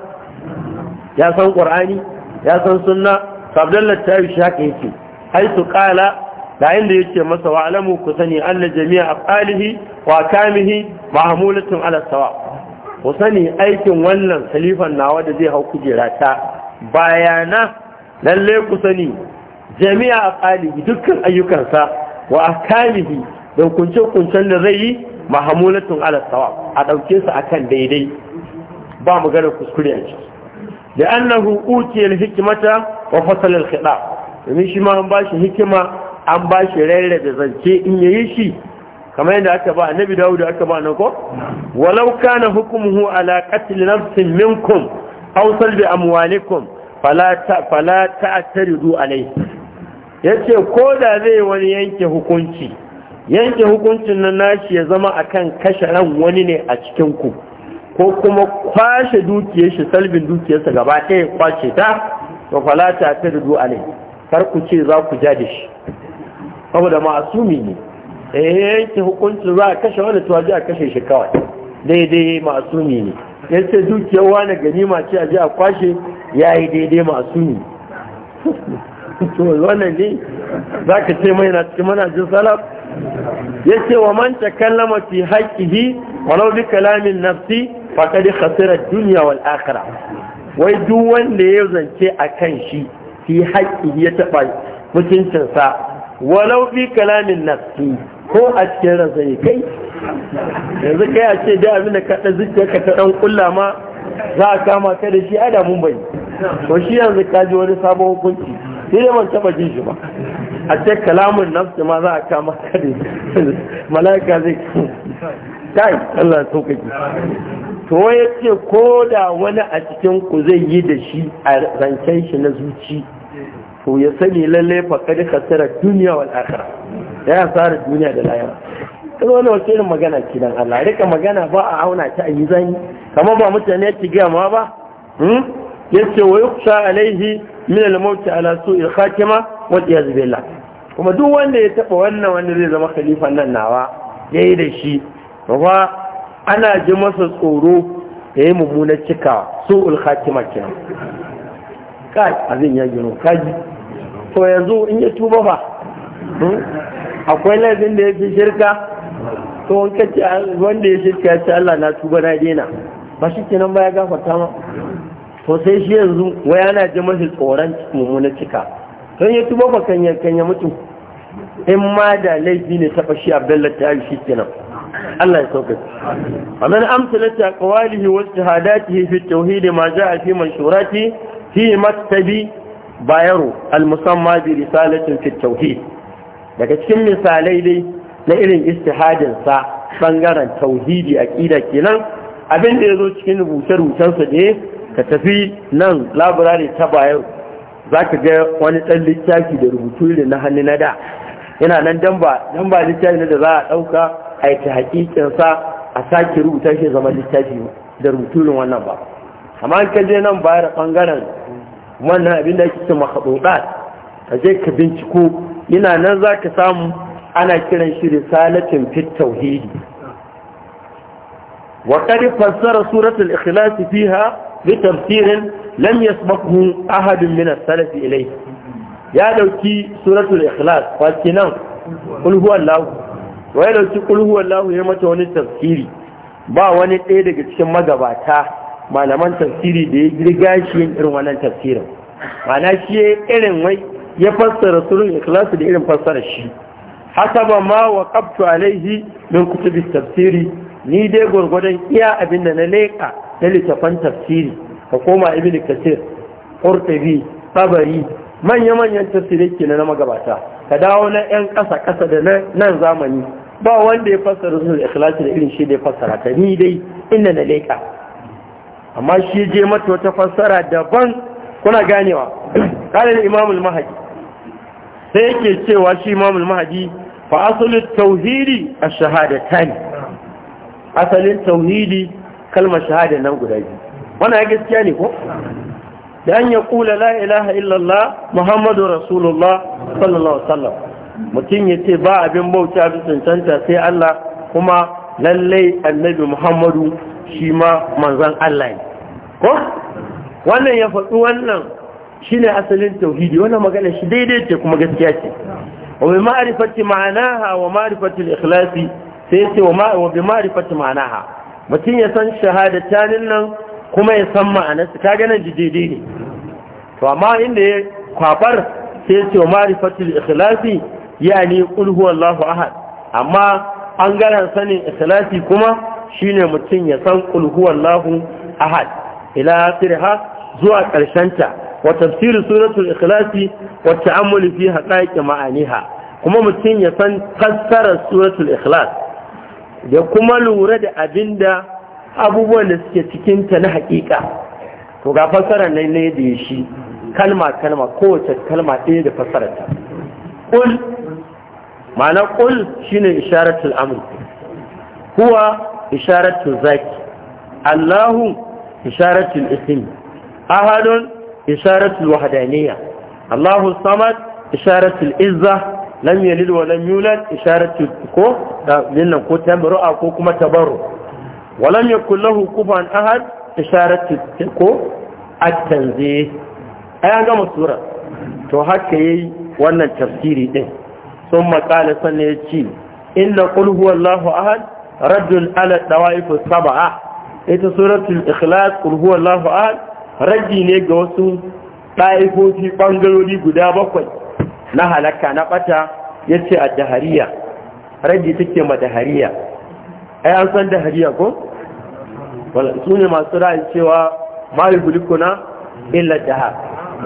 ya san qur'ani? ya san sunna abdallah ta yi shi haka yake haitu ƙala da inda yake masa wa alamu ku sani anna jami'a afalihi wa kamihi mahmulatun ala sawa ku sani aikin wannan khalifan nawa da zai hau kujera ta bayana lalle ku sani jami'a aqalihi dukkan ayyukansa wa kamihi da kunce-kuncen da zai yi mahamulatun ala a dauke su kan daidai ba maganar kuskure a ciki da annahu utiyal hikimata wa fasal al domin shi ma an bashi hikima an bashi da zance in yayi shi kamar yadda aka ba annabi dawud aka ba nan ko walau kana hukmuhu ala qatl nafsin minkum aw salbi amwalikum fala ta fala ta'taridu alai yace ko da zai wani yanke hukunci yanke hukuncin nan nashi ya zama akan kashe ran wani ne a cikin ku ko kuma kwashe dukiyar shi salbin sa gaba ɗaya kwace ta to fala ta'taridu alai kar ku ce za ku ja da shi saboda ma'asumi ne eh yanke hukuncin za a kashe wani ji a kashe shi kawai daidai masu ne ya ce dukiyar wani ganima ce a ji a kwashe ya yi daidai ne to wannan ne za ka ce mai na cikin manajin salaf ya ce wa manta kallama fi haƙihi walau bi kalamin nafsi faƙad khasirar duniya wal akhira wai duk wanda ya zance a kan shi fi haƙihi ya taɓa mutuncinsa walau bi kalamin nafsi ko a cikin ransa ne kai yanzu kai a ce da abinda da ka ɗan zuciya ka ta ɗan ƙulla ma za a kama ka da shi a da mun bai to shi yanzu ka ji wani sabon hukunci sai dai ban taɓa jin shi ba a ce kalamun nafsi ma za a kama ka da mala'ika zai kai Allah so kake to ya ce ko da wani a cikin ku zai yi da shi a rancen shi na zuci to ya sani lalle fa kasarar kasara duniya wal da ya duniya da layar kuma wani wace irin magana ke dan Allah rika magana ba a auna ta a yi zani kamar ba mutane ya ci gama ba hmm? yace wa yukhsha alaihi min al-maut ala su'il khatima ya zube la kuma duk wanda ya taba wannan wanda zai zama khalifa nan nawa yayi da shi kuma ana ji masa tsoro da yi mummunar cika su'ul khatima kenan kai azin ya gino kaji to yanzu in ya tuba ba hmm? akwai laifin da ya fi shirka to wanda ya shirka ya ce Allah na tuba na dena ba shi kenan ba ya gafarta ma to sai shi yanzu Waya na ji mafi tsoron mummuna cika don ya tuba ba kan yankan ya mutu in ma da laifi ne taɓa shi abdallah ta yi shi kenan Allah ya sauka a nan amsa a kawalihi wasu hadatihi fi tauhidi ma za a fi manshurati fi maktabi bayaro al-musamma bi risalatin fi tauhidi daga cikin misalai dai na irin istihadinsa bangaren tauhidi a ƙida kenan abin da ya zo cikin rubuce-rubucensa ne ka tafi nan laburare ta bayan za ka ga wani ɗan littafi da rubutu ne na hannu na da yana nan dan ba dan ba da za a ɗauka a yi ta a sake rubuta shi zama littafi da rubutu wannan ba amma an ka je nan bayan ɓangaren wannan abin da ake ce mahaɗoɗa ka je ka binciko yana nan za ka samu ana kiran shi risalatin fit tauhidi wa qad fassara suratul ikhlas fiha bi tafsirin lam yasbaqhu ahad min as-salaf ilayhi ya dauki suratul ikhlas fa kinan kul huwallahu wa ya dauki kul huwallahu ya mata wani tafsiri ba wani ɗaya daga cikin magabata malaman tafsiri da ya girgashi shi irin wannan tafsirin ma'ana shi irin wai ya fassara surun ikhlasi da irin fassara shi haka ba ma wa qabtu alaihi min kutubi tafsiri ni dai gurgurdan iya abin da na leƙa na littafan tafsiri ka koma ibn kasir qurtubi tabari manya manyan tafsirai kenan na magabata ka dawo na yan ƙasa kasa da nan zamani ba wanda ya fassara surun ikhlasi da irin shi da ya fassara ta ni dai inda na leƙa amma shi je mata wata fassara daban kuna ganewa قال Imamul المهدي sai yake cewa shi imamul mahadi fa asalin tauhidi a ne. asalin tauhidi kalmar shahada nan guda biyu wani ya gaskiya ne ko da ya kula la ilaha illallah muhammadu rasulullah sallallahu wasallam mutum ya ce ba abin bauta bi canta sai Allah kuma lallai annabi muhammadu shi ma manzan Allah ne ko wannan ya faɗi wannan Shi ne asalin tauhidi wannan magana shi daidai ce kuma gaskiya ce wa bi ma'anaha wa ma'rifati al-ikhlasi sai ce wa bi ma'anaha mutum ya san shahadatanin nan kuma ya san ma'anarsa kaga nan daidai ne to amma inda ya kwafar sai ce wa ma'rifati al-ikhlasi yani qul huwallahu ahad amma an gara sanin ikhlasi kuma shine mutum ya san qul huwallahu ahad ila akhirha zuwa ta. wa tafsirin suratul ikhlasi wa ta'ammuli fi haqaiqi ma'aniha kuma mutum ya san fassarar suratul ikhlas da kuma lura da abinda abubuwan da suke cikin ta na haƙiƙa to ga fassarar nan ne da shi kalma kalma kowace kalma ɗaya da fassarar ta qul ma'ana qul shine isharatul amr huwa isharatul zaki allahu isharatul ism ahadun isharatul wahdaniyya Allahu samad isharatul izza lam yalid wa lam yulad ko da nan ko tamru'a ko kuma tabarru wa lam yakul lahu kufuwan ahad isharatul ko sura to haka yayi wannan tafsiri din ثم قال سنيتي إن قل هو الله أحد رد على الدوائف السبعة إذا سورة الإخلاص قل هو الله أحد raddi ne ga wasu ɗaifofi ɓangarori guda bakwai na halakka na ɓata ya ce a dahariya raddi take ma dahariya ai an san dahariya ko? su ne masu ra'ayi cewa mayu bulikuna illa daha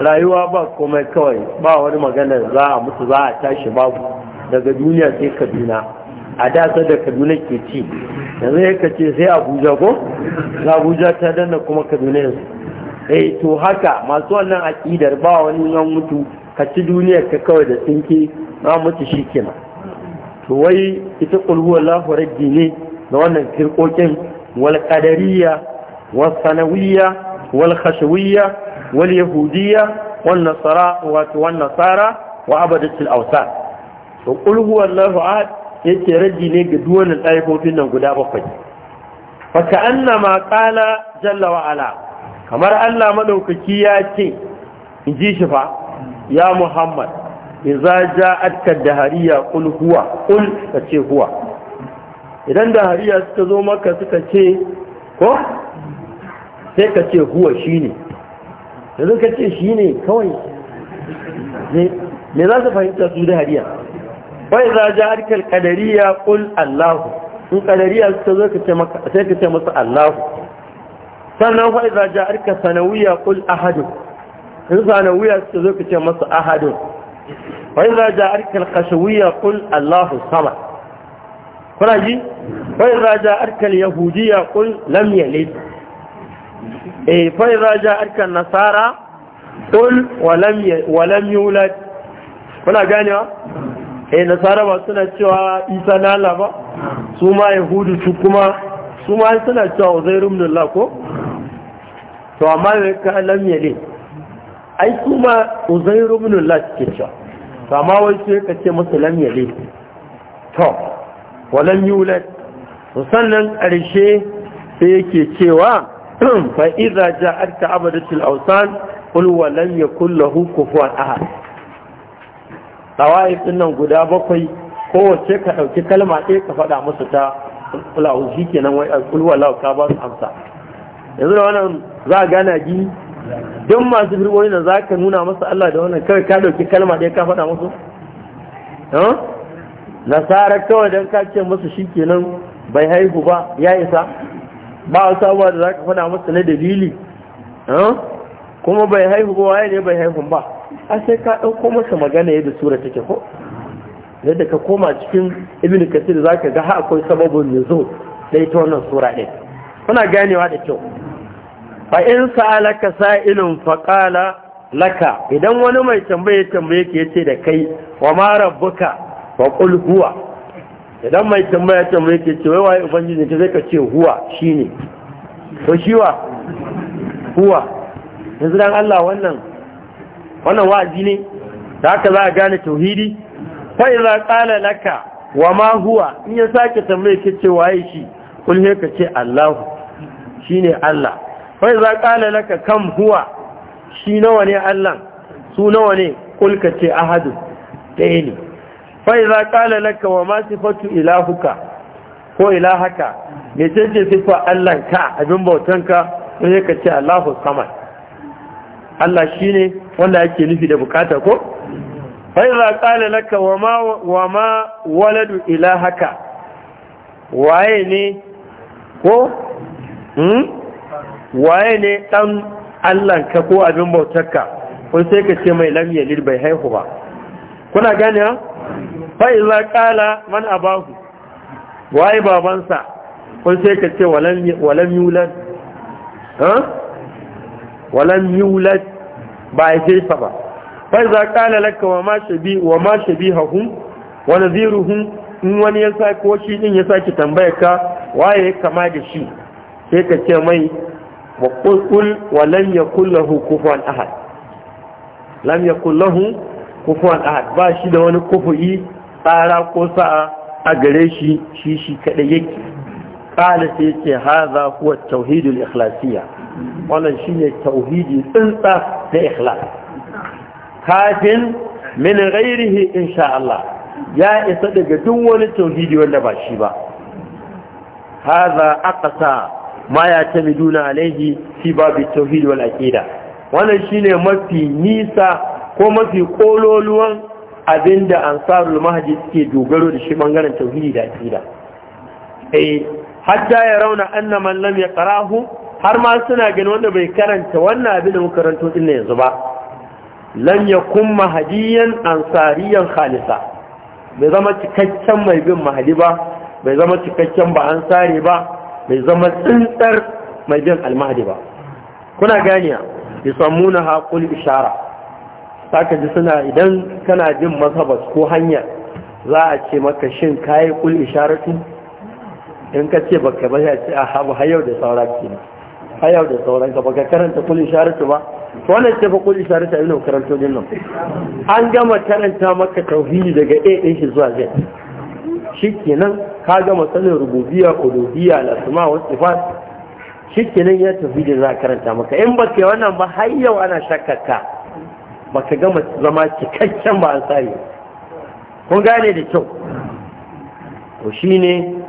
rayuwa ba komai kawai ba wani magana za a mutu za a tashi babu daga duniya sai kaduna a da da kaduna ke ci yanzu ya kace sai abuja ko abuja ta danna kuma kaduna yanzu eh to haka masu wannan aƙidar ba wani yan mutu ka ci duniya ka kawai da tsinke na mutu shi kenan to wai ita kulhu Allahu raddi da wannan kirkokin wal qadariyya wal sanawiyya wal khashawiyya wal yahudiyya wan nasara wato wan nasara wa abadatul to kulhu Allahu yake raddi ne ga duwannan kofin nan guda bakwai fa ka'annama qala jalla wa ala kamar Allah madaukaki ya ce in ji shi fa ya Muhammad idza ja'atka dahariya qul huwa qul kace huwa idan dahariya suka zo maka suka ce ko sai ka huwa shine yanzu ka shine kawai me za su fahimta su dahariya wai za ja'atka al-qadariyya qul Allah in qadariyya suka zo ka ce maka sai ka ce musu Allah sannan fa idza ja'arka sanawiyya qul ahadun in sanawiyya suka zo ka ce masa ahadun fa idza ja'arka al-qashawiyya qul allahu sama, kuna ji fa idza ja'arka al-yahudiyya qul lam yalid eh fa idza ja'arka an-nasara qul wa lam wa kuna ganewa eh nasara ba suna cewa isa na Allah ba su ma yahudu su kuma su ma suna cewa uzairu ibn Allah ko to amma ka lam ne? ai kuma uzairu ibn Allah ke cewa to amma wai sai ka ce musu lam ne to walam yulad sannan ƙarshe sai yake cewa fa idza ja'alta abadatul awsan qul wa lam yakul lahu kufuwan ahad tawai din guda bakwai kowace ka dauki kalma ɗaya ka faɗa musu ta kula shi kenan wai qul ka ba su amsa yanzu da wannan za a gana ji don masu firgoni da za ka nuna masa Allah da wannan kawai ka dauki kalma ɗaya ka faɗa musu nasara kawai don ka ce musu shi kenan bai haihu ba ya isa ba wasu abuwa da za ka faɗa masu na dalili kuma bai haihu ba waye ne bai haihu ba a sai ka ɗauko masa magana yadda sura take ko yadda ka koma cikin ibn kasir za ka ga ha akwai sababin zo da ita wannan sura ɗin kuna ganewa da kyau fa in sa'alaka sa'ilun faƙala laka idan wani mai tambaye tambaye ke ce da kai wa ma rabbuka fa qul huwa idan mai tambaya tambaye ke ce wai ubangiji ta zai ka ce huwa shine to wa huwa yanzu dan Allah wannan wannan wa'azi ne da aka za a gane tauhidi fa idza qala laka wa ma huwa in ya sake tambaye ke ce waye shi kul ka ce Allah shine Allah wai za ƙala laka kam huwa shi nawa ne Allah su nawa ne kulka ce ahadu ɗaya ne fai za ƙala laka wa ma sifatu ilahuka ko ilahaka mai cece sifa Allah ka abin bautanka wani ka ce Allahu samad Allah shi ne wanda ake nufi da bukata ko fai za ƙala laka wa ma waladu ilahaka waye ne ko? Hmm? waye ne dan Allah ka ko abin bautarka kun sai ka ce mai lam yalid bai haihu ba kuna gane ha fa iza qala man abahu waye babansa kun sai ka ce walam walam yulad ha walam yulad ba a sa ba fa iza qala laka wa ma shabi wa ma shabihahum wa nadhiruhum in wani ya sa ko shi din ya saki tambayar ka waye kama da shi sai ka ce mai wa wa lam yakul ahad lam yakul ahad ba shi da wani kufu'i tsara ko sa'a a gare shi shi shi kadai yake qala sai yace hadha huwa tauhidul ikhlasiyya wannan shine tauhidi tsintsa da ikhlas kafin min ghairihi insha Allah ya isa daga duk wani tauhidi wanda ba shi ba aka sa. ma ya duna alaihi fi babu tauhid wal aqida wannan shine mafi nisa ko mafi kololuwan abinda ansarul mahdi suke dogaro da shi bangaren tauhidi da aqida eh hatta ya rauna annama man lam yaqrahu har ma suna gani wanda bai karanta wannan abin da muka karanto din yanzu ba lam yakum mahdiyan ansariyan khalisa bai zama cikakken mai bin mahdi ba bai zama cikakken ba ansari ba Mai zama tsintsar mai bin almahdi ba kuna ganiya ya samu na haƙul ishara saka ji suna idan kana jin mazhabas ko hanyar za a ce maka shin kayi kul isharatu in ka ce baka ba ya ce a habu hayau da saura ke hayau da sauran ka baka karanta kul isharatu ba wannan ce fa kul isharatu a yi karanto din nan an gama karanta maka tauhidi daga a ɗin shi zuwa zai shikenan ka gama sanin rububiya, ulubiya al suma wa sifat shikenan ya tafi da za karanta maka in ba kai wannan ba har yau ana shakkaka ka gama zama cikakken ba an sani kun gane da kyau to shine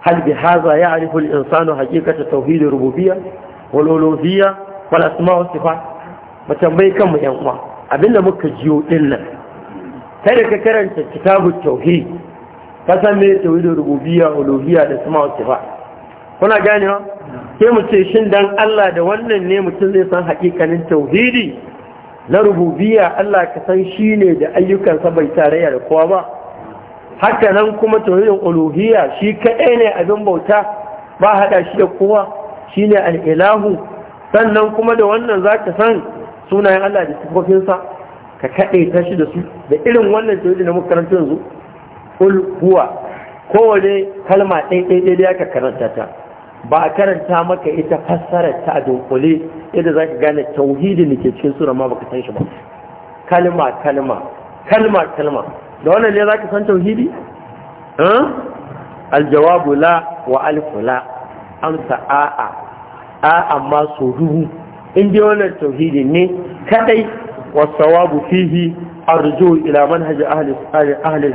hal bi hadha ya'rifu al-insanu haqiqata tauhid rububiyya wal uluhiyya wal asma wa sifat mu kan mu yan uwa abinda muka jiyo din nan Kada ka karanta kitabut tauhid kasan san me tauhidin rububiyya uluhiyya da sama wa sifa kuna ganewa sai mu ce shin dan Allah da wannan ne mutum zai san hakikanin tauhidi na rububiyya Allah ka san shi ne da ayyukansa bai tarayya da kowa ba haka nan kuma tauhidin uluhiyya shi kaɗai ne abin bauta ba haɗa shi da kowa shi ne al'ilahu sannan kuma da wannan zaka san sunayen Allah da sifofinsa ka kaɗe ta shi da su da irin wannan tauhidi na muka yanzu kul huwa kowane kalma ɗaiɗaiɗai ya ka karanta ta ba a karanta maka ita fassara ta a dunkule yadda za ka gane tauhidi da ke cikin sura ma baka san shi ba kalma kalma kalma kalma da wannan ne za ka san tauhidi aljawabu la wa alfu la amsa a'a a'a ma so inda wannan tauhidi ne kadai wasu wasawabu fihi arju ila manhaji ahli ahli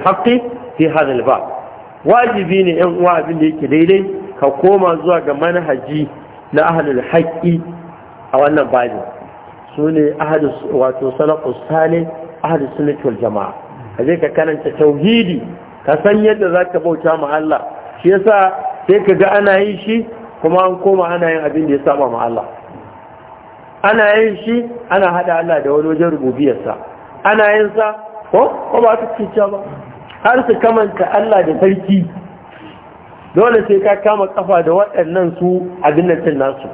fi hadal ba wajibi ne yan uwa abin da yake daidai ka koma zuwa ga manhaji na ahlul haqqi a wannan babu sune ne wato salafus sale ahlus sunnah wal jamaa kaje ka karanta tauhidi ka san yadda zaka bauta ma Allah shi yasa sai ka ga ana yin shi kuma an koma ana yin abin da ya saba ma Allah ana yin shi ana hada Allah da wani wajen rububiyarsa ana yin sa ko ba ta cikin ba har su kamanta Allah da sarki dole sai ka kama kafa da waɗannan su a nasu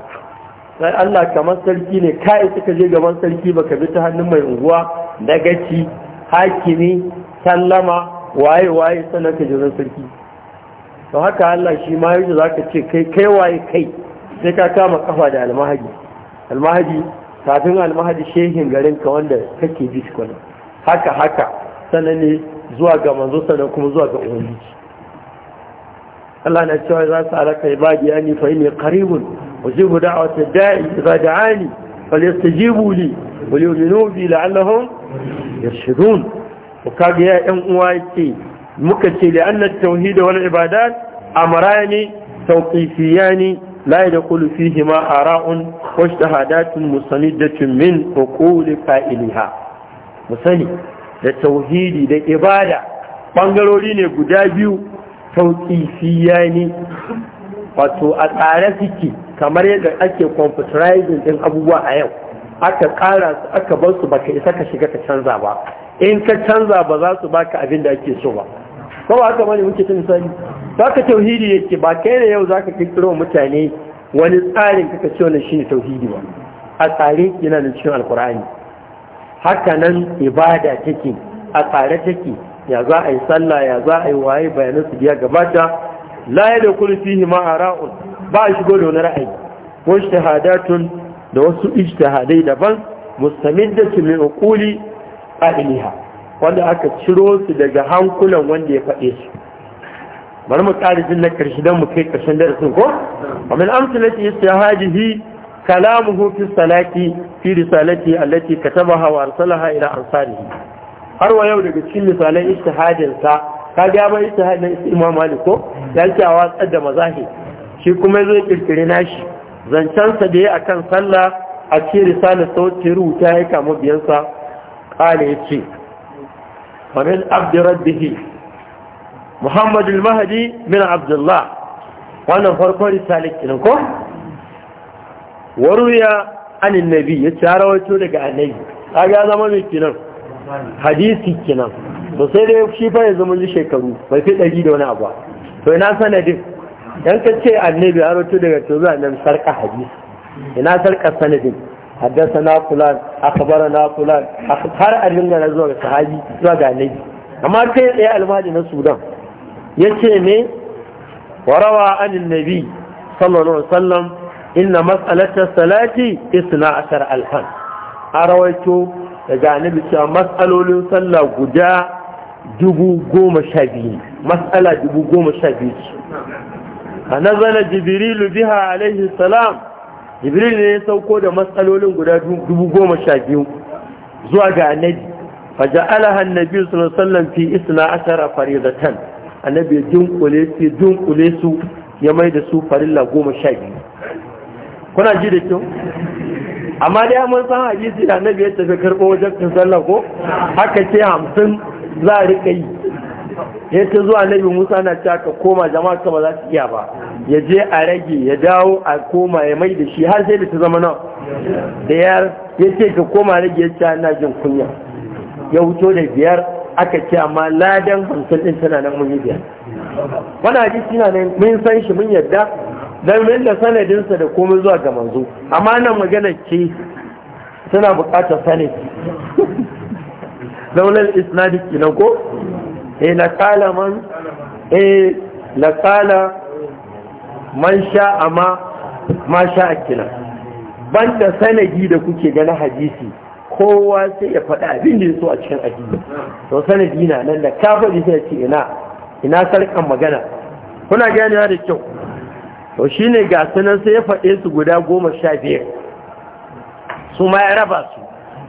sai Allah kamar sarki ne kai suka je gaban sarki baka bi ta hannun mai unguwa da gaci hakimi sallama waye waye sannan ka jiran sarki to haka Allah shi ma za zaka ce kai kai waye kai sai ka kama kafa da almahadi almahadi kafin almahadi shehin garin ka wanda kake bi haka haka sannan ne zuwa ga manzo sannan kuma zuwa ga ubangiji Allah na cewa za su alaka ibadi ya ni fa inni qaribun a da'wata da'i idza da'ani falyastajibu li wal yu'minu bi la'allahum yarshudun ko kage ya ɗan uwa yake muka ce da annat tauhid wal ibadat kulufi hima la yadkhulu fihi da ara'un wa da musanidatun min uquli fa'iliha musani da tauhidi da ibada Bangarori ne guda biyu siya ne wato a tsare suke kamar yadda ake computerizing ɗin abubuwa a yau aka ƙara su aka bar su baka isa ka shiga ka canza ba in ka canza ba za su baka abin da ake so ba ko ba haka mani muke ta misali ba ka tauhidi yake ba kai ne yau za zaka kirkiro mutane wani tsarin kaka ce shi ne tauhidi ba a tsare yana da cikin alkur'ani haka nan ibada take a tsare take ya za a yi sallah ya za a yi waye bayanan su biya gabata la ya da ma ma'ara'un ba a shigo da wani ra'ayi ko shahadatun da wasu ijtihadai daban mustamiddatun min uquli ahliha wanda aka ciro su daga hankulan wanda ya faɗe su bari mu ƙara na ƙarshe don mu kai ƙarshen darasin ko wa min amsalati istihadihi kalamuhu fi salati fi risalati allati katabaha wa arsalaha ila ansarihi har wa yau daga cikin misalan ijtihadin sa ka ga ba ijtihadin Imam Malik ko ya ce a watsar da mazahi shi kuma zai kirkire nashi zancansa da ya akan sallah a cikin risalar sautin rubuta ya kama biyansa kala ya ce famin abdurrabbihi muhammadu mahadi min abdullah wannan farkon risalar kinan ko waruya anin nabi ya tara wato daga annabi kaga zama mai kinan hadisi kinan to sai dai shi fa ya zama shekaru bai fi ɗari da wani abu to ina sanadin dan ka ce annabi ya rawaito daga to zuwa nan sarka hadisi ina sarka sanadin حدثنا فلان na فلان har a na zuwa ga sahabi zuwa ga annabi amma kai tsaye almadi na sudan yace ne warawa anin nabi sallallahu alaihi wasallam inna mas'alatar salati isna ashar alhan a rawaito daga annabi cewa mas'alolin sallah guda dubu goma sha biyu mas'ala dubu goma sha biyu a nazara jibrilu biha alaihi salam jibril ne ya sauko da matsalolin guda dubu goma sha biyu zuwa ga annabi faja'alaha annabi sallallahu alaihi wasallam fi isna ashara faridatan annabi ya dunkule su ya mai da su farilla goma sha biyu kuna ji da kyau amma dai mun san hadisi da annabi ya tafi karɓo wajen sallah ko haka ce hamsin za a riƙa yi ya ta zuwa nabi musa na ta ka koma jama'a ka ba za su iya ba ya je a rage ya dawo a koma ya mai da shi har sai da ta zama nan da yar ya ce ka koma rage ya ci ana jin kunya ya wuto da biyar aka ce amma ladan hamsin din tana nan mun yi biyar wani hadisi na nan mun san shi mun yarda don da sanadinsa da komai zuwa ga manzo amma nan magana ce suna buƙatar sanadi zaunar isnadi na ko eh na kala man eh la kala man sha amma ma sha ban banda sanadi da kuke gani hadisi kowa sai ya faɗi abin da ya so a cikin addini to sanadi na nan da kafa ji sai ce ina ina sarkan magana kuna ganewa da kyau to shi ne ga sunan sai ya faɗe su guda goma sha biyar su ma ya raba su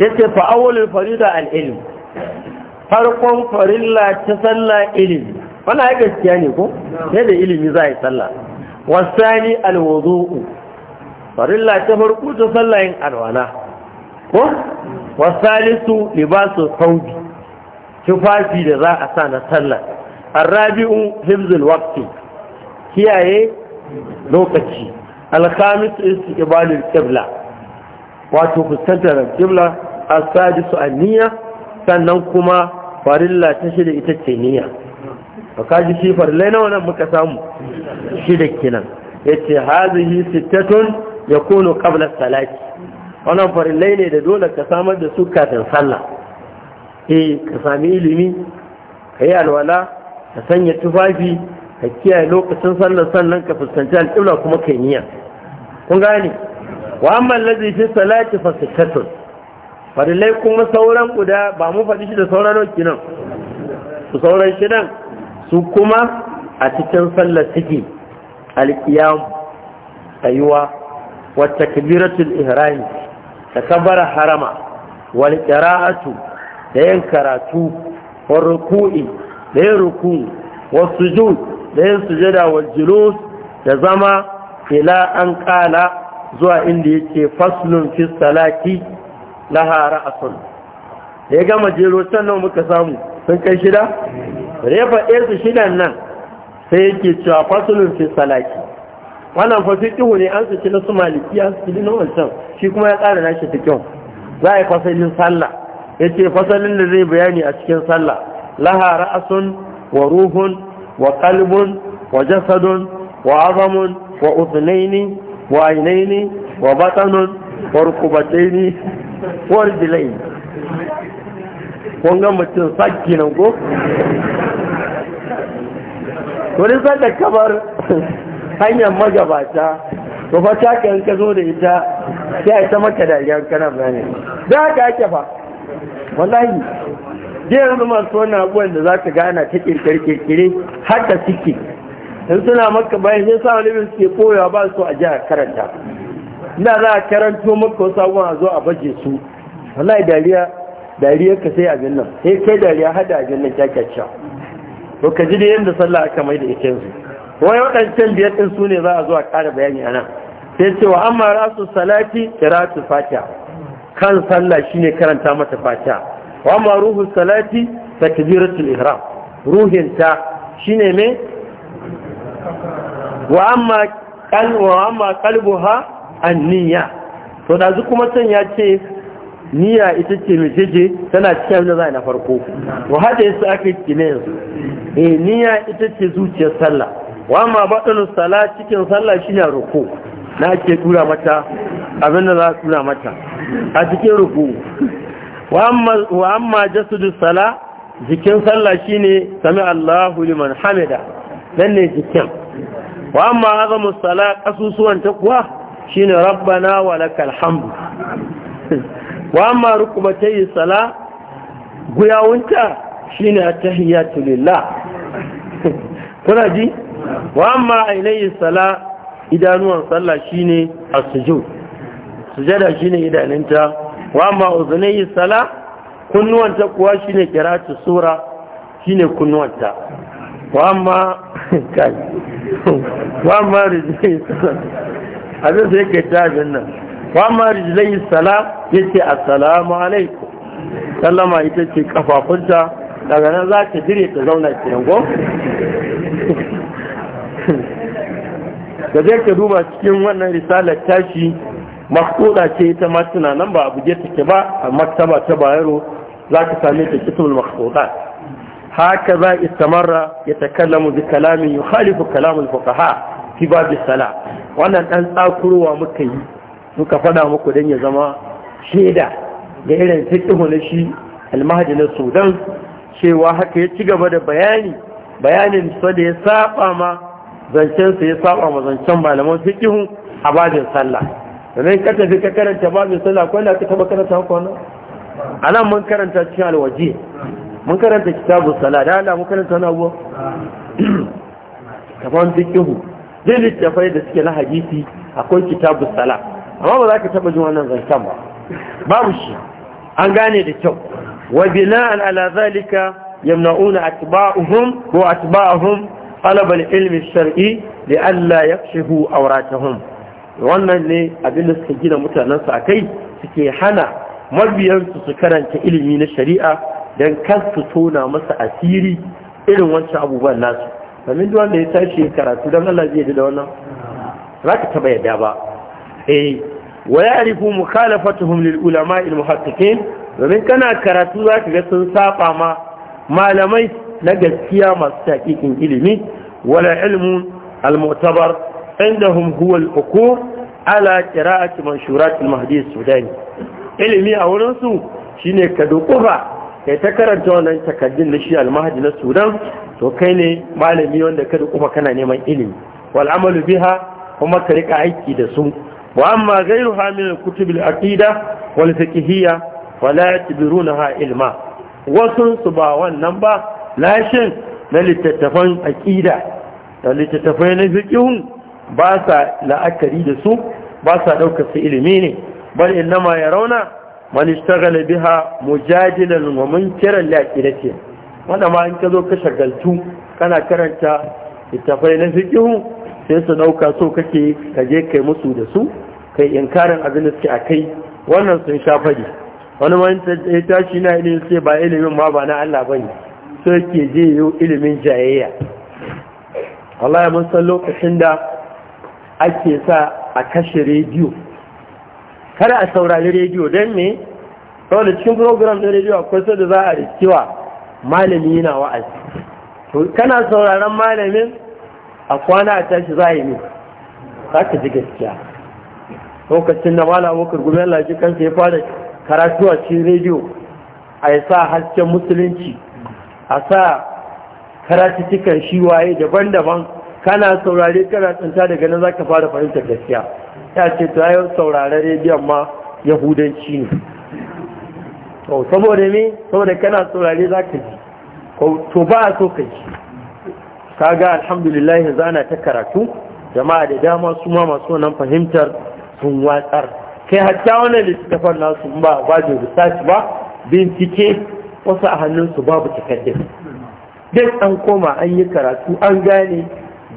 ya ce fa'awulin farida al'ilim farkon farilla ta sallah ilimi wani ya gaskiya ne ko sai da ilimi za a yi sallah wasani alwazo'u farilla ta farko ta tsalla yin alwana ko ba libasu saubi tufafi da za a sa na sallah arrabi'u hibzul waqti kiyaye lokaci alhamis istiqbalul kibla wato fuskantar kibla a sadi su aniya sannan kuma farilla ta shida ita ce niya fa kaji shi farilla na nan muka samu shida kenan yace hazihi sittatun kono kablar salaki wannan farillai ne da dole ka samar da su kafin sallah eh ka sami ilimi ka yi alwala ka sanya tufafi ka kiyaye lokacin sallar sannan ka fuskanci alƙibla kuma kai niyya kun gane wa amma allazi fi salati fa sittatun kuma sauran guda ba mu faɗi shi da sauran roki nan su sauran shi nan su kuma a cikin sallar suke alƙiyam tsayuwa wacce kabiratul ihrami ta kabara harama wal qira'atu da yin karatu wa ruku'i da yin ruku'i wa sujud da yin sujada wal julus da zama ila an kala zuwa inda yake faslun fi salati laha ra'asun da ya gama jero nan muka samu sun kai shida refa esu shidan nan sai yake cewa faslun fi salati wannan fa fiqhu ne an su na su maliki an su na wancan shi kuma ya tsara nashi kyau. za a yi fasalin sallah yace fasalin da zai bayani a cikin sallah laha asun wa ruhun وقلب وجسد وعظم وأذنين وعينين وبطن وركبتين ورجلين wanga mutum sakki nan ko? wani da kamar hanyar magabata ba fa ta kan ka zo da ita sai a ita maka da yan kana bayani da haka ake fa wallahi zai yanzu masu wani abubuwan da za ka gana ta kirkire-kirkire har suke in suna maka bayan sai sa wani suke koyawa ba su a jihar karanta ina za a karanto maka wasu abubuwan a zo a baje su wallahi dariya dariya ka sai abin nan sai kai dariya hada abin nan kyakkyakya to ka ji da yadda sallah aka mai da ita su wai waɗancan biyar ɗin su ne za a zo a ƙara bayani a nan sai cewa amma rasu salati kiratu fatiha kan sallah shine karanta mata fatiha wa ma ruhu salati takbiratul ihram ruhin ta shine me wa amma kal wa amma qalbuha an to da kuma san ya ce niyya ita ce jeje tana cikin abin da za na farko wa hada yasu aka yi ne yanzu eh niyya ita ce zuciyar sallah wa amma batsalin sala cikin sallah shine ruku na ake tura mata abin da za a tura mata a cikin ruku wa amma jasudu sala jikin sallah shine sami Allahu liman hamida nan ne jikin wa amma azamu sala kasusuwan ta kuwa shine rabbana wa lakal hamdu wa amma rukubatai sala guyawunta shine at-tahiyatu lillah kuna ji wa amma ainihi sala idanuwan sallah shine as sujada shine idanunta wa ma uzunai sala kunnuwanta kuwa shine kiratu sura shine kunnuwanta wa ma kai wa ma rijlai sala abin sai ke tajin nan wa ma rijlai sala yace assalamu alaikum sallama ita ce kafafunta daga nan za ta dire ta zauna kiran go da zai ka duba cikin wannan risalar tashi mafuda ce ta ma tana nan ba abu ta take ba a maktaba ta bayaro za ka same ta kitabul mafuda haka za istamarra ya takallamu bi kalamin yukhalifu kalamul fuqaha fi babi sala wannan dan tsakurwa muka yi muka fada muku dan ya zama shaida ga irin fiqhu na shi almahdi na sudan cewa haka ya ci gaba da bayani bayanin su da ya saba ma zancen su ya saba ma zancen malaman fiqhu a bajin sallah sannan ka tafi ka karanta babin sallah ko da ka taba karanta haka wannan anan mun karanta cikin alwaji mun karanta kitabun sallah da Allah mun karanta na abuwa kaman fikihu duk littafai da suke na hadisi akwai kitabun sallah amma ba za ka taba jin wannan zancen ba babu shi an gane da kyau wa bina'an ala zalika yamna'una atba'uhum wa atba'uhum talabal ilmi shari li alla yakshifu awratahum wannan ne abin da suka gina mutanensu a kai suke hana mabiyansu su karanta ilimi na shari'a don kar tona masa asiri irin wancan abubuwan nasu domin duk wanda ya tashi karatu don Allah zai da wannan za ka taba yadda ba eh wa ya'rifu mukhalafatuhum lil ulama al muhaddithin domin kana karatu za ka ga sun saba ma malamai na gaskiya masu taqiqin ilimi wala ilmu al mu'tabar indahum huwa al-uqur ala qira'ati manshurat al-mahdi al-sudani ilimi a wurin su shine ka dukufa kai ta karanta wannan takardun na shi al-mahdi na sudan to kai ne malami wanda ka dukufa kana neman ilimi Wal'amalu amalu biha kuma ka rika aiki da su wa amma ghayruha aƙida, al-kutub al-aqida wal fiqhiyya wala yatbirunaha ilma wasun su ba wannan ba lashin na littattafan aqida da littattafai na fiqhun ba sa la'akari da su ba sa ɗaukar su ilimi ne bal innama ya rauna man ishtaghala biha mujadilan wa laƙi da ke wanda ma in ka zo ka shagaltu kana karanta littafai na fikihu sai su ɗauka so kake ka je kai musu da su kai inkarin abin da suke kai. wannan sun sha fadi wani ma ya tashi na ilimin sai ba ilimin ma ba na Allah ne so ke je ilimin jayayya Allah ya mun san lokacin da ake sa a kashe rediyo kada a saurari rediyo don ne saboda cikin program na rediyo akwai sai da za a rikiwa malami yana wa'azi kana sauraron malamin a kwana a tashi za a yi ne za ka ji gaskiya lokacin da malam wakar gumi Allah kan sai fara karatu a cikin rediyo a yi sa hasken musulunci a sa karatuttukan shi waye daban-daban kana saurare kana tsinta daga nan zaka fara fahimtar gaskiya ya ce to ayo saurare rediyon ma yahudanci ne to saboda me saboda kana saurare zaka ji Ko to ba so ka ji kaga alhamdulillah zana ta karatu jama'a da dama su ma masu wannan fahimtar sun watsar kai hatta wannan littattafan nasu ba ba da research ba bincike wasu a hannunsu babu takaddun duk an koma an yi karatu an gane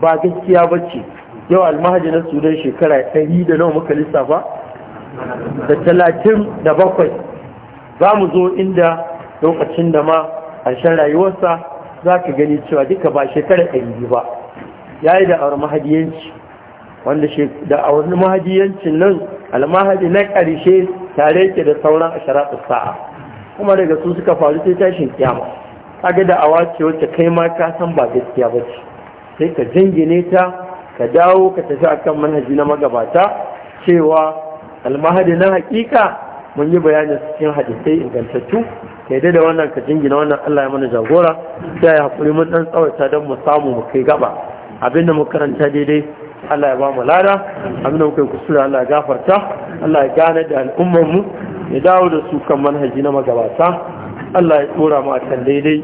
ba gaskiya ba ce yau almahaji na sudan shekara ɗari da nawa muka lissafa da talatin da bakwai za mu zo inda lokacin da ma shan rayuwarsa za ka gani cewa duka ba shekara ɗari ba ya yi da awar mahadiyanci wanda da awar mahadiyancin nan almahadi na ƙarshe tare yake da sauran a sharaɗa sa'a kuma daga su suka faru sai tashin kyama ga da awa ce wacce kai ma ka san ba gaskiya ba ce sai ka jingine ta ka dawo ka tafi akan manhaji na magabata cewa almahadi na hakika mun yi bayanin cikin hadisai ingantattu ka da wannan ka jingina wannan Allah ya mana jagora sai ya hakuri mun dan tsawaita don mu samu mu kai gaba abinda mu karanta daidai Allah ya ba mu lada abinda muka kusura Allah ya gafarta Allah ya gane da al'ummar mu ya dawo da su kan manhaji na magabata Allah ya tsora mu akan daidai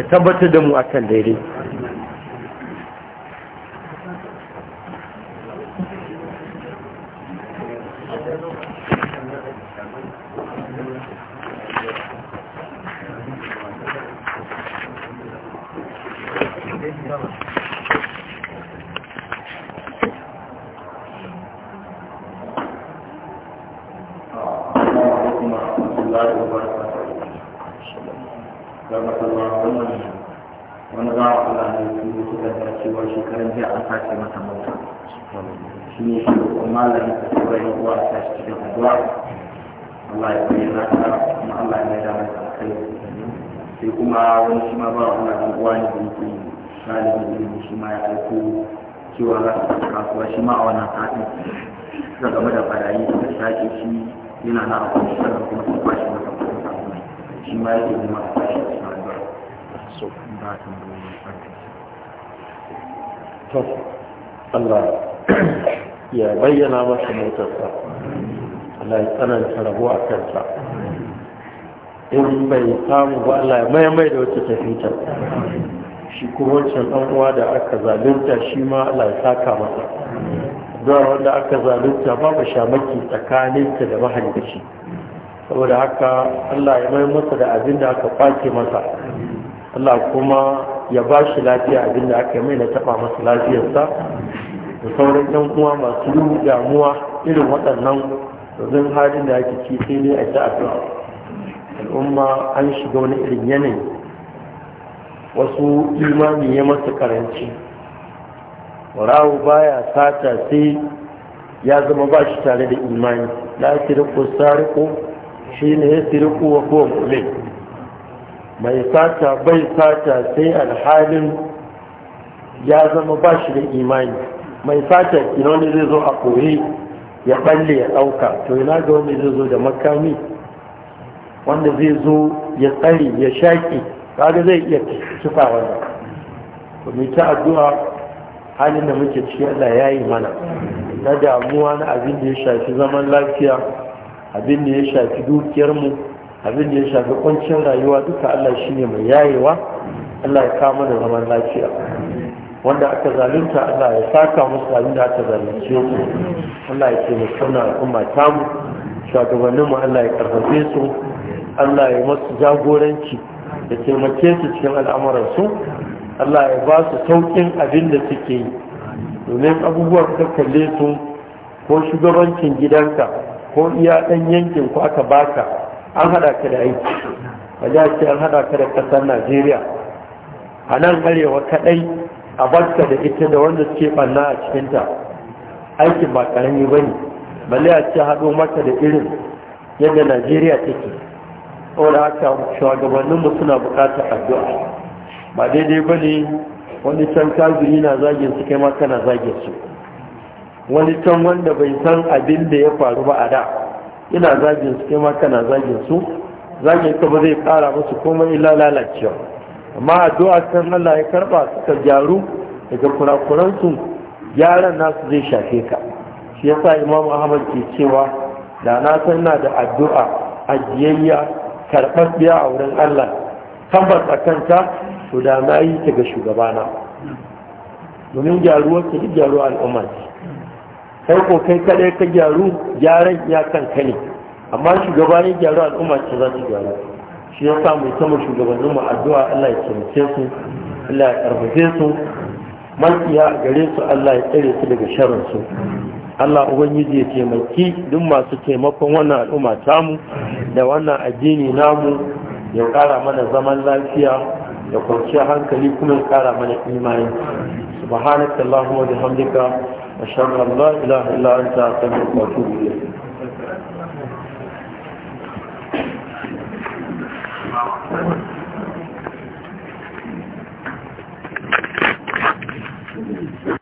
ya tabbatar da mu akan daidai wannan wani ba a kula da su ne suka da cewa shekaran jiya an sace masa mota shi ne shi ko malami da sauran yan uwa ta shi cikin addu'a Allah ya bayyana ta kuma Allah ya mai da mai alkai sai kuma wani shi ma ba a kula da uwa ne da yake ɗalibin ilimi shi ma ya aiko cewa za su kasuwa shi ma a wani satin suka game da barayi suka shaƙe shi yana na akwai shi kuma su kwashe masa kuma shi ma yake zama a kwashe so to Allah ya bayyana masa motarsa Allah ya tsananta rabu a kansa in bai samu ba Allah ya mayamai da wata tafita shi kuma wancan ɗan uwa da aka zalunta shi ma Allah ya saka masa don wanda aka zalunta babu shamaki tsakaninta da mahalicci saboda haka Allah ya mai masa da abin da aka kwace masa Allah kuma ya ba shi lafiya abinda aka yi mai na taɓa masa lafiyarsa da sauran yan uwa masu damuwa irin waɗannan zan halin da ake ci sai ne a ta addu'a al'umma an shiga wani irin yanayi wasu imani ya masa karanci ba baya sata sai ya zama ba shi tare da imani la siriku shi ne ya siriku wa kowa kulai mai sata bai sata sai alhalin ya zama ba shi da imani mai sata ina wani zai zo a koyi ya balle ya ɗauka to ina ga wani zai zo da makami wanda zai zo ya tsare ya shaƙi kaga zai iya kifa wannan to mai ta addu'a halin da muke ciki Allah ya yi mana na damuwa na abin da ya shafi zaman lafiya abin da ya shafi dukiyarmu abin da ya shafi kwanciyar rayuwa duka Allah shi ne mai yayewa Allah ya kama da zaman lafiya wanda aka zalunta Allah ya saka musu abin da aka zalunce su Allah ya ce mu suna al'umma tamu mu Allah ya karfafe su Allah ya masu jagoranci da taimake su cikin al'amuransu Allah ya ba su sauƙin abin da suke yi domin abubuwan ka kalle su ko shugabancin gidanka ko iya ɗan yankin ko aka baka an hada ka da aiki a ce an hada ka da kasar najeriya a nan arewa kaɗai a barka da ita da wanda suke banna a cikinta aikin ba karami ba ne balle a ce haɗo maka da irin yadda najeriya take saboda haka shugabanninmu suna buƙatar addu'a ba daidai ba ne wani can kazuri na zagin su kai maka na zagin su wani can wanda bai san abin da ya faru ba a da ina zagin su kai ma kana zagin su zagin ka ba zai kara musu komai illa lalacewa amma addu'a kan Allah ya karba suka gyaru daga kurakuran su gyaran nasu zai shafe ka shi yasa Imam Ahmad ke cewa da na san na da addu'a ajiyayya biya a wurin Allah tambar a to da na yi ta ga shugabana domin gyaruwar ta duk gyaruwar al'umma ce kai ko kai kadai ka gyaru gyaran ya kan ne amma shugaba ne gyaru al'umma ce za su gyaru shi ya sa mai sama shugabannin mu addu'a Allah ya taimake su Allah ya karbace su makiya gare su Allah ya tsare su daga sharrin su Allah Ubangiji ya taimaki duk masu taimakon wannan al'umma tamu da wannan addini namu ya ƙara mana zaman lafiya da kwanciyar hankali kuma ya ƙara mana imani subhanakallahumma wa bihamdika أشهد أن لا إله إلا أنت أستغفرك وأتوب إليك Thank you.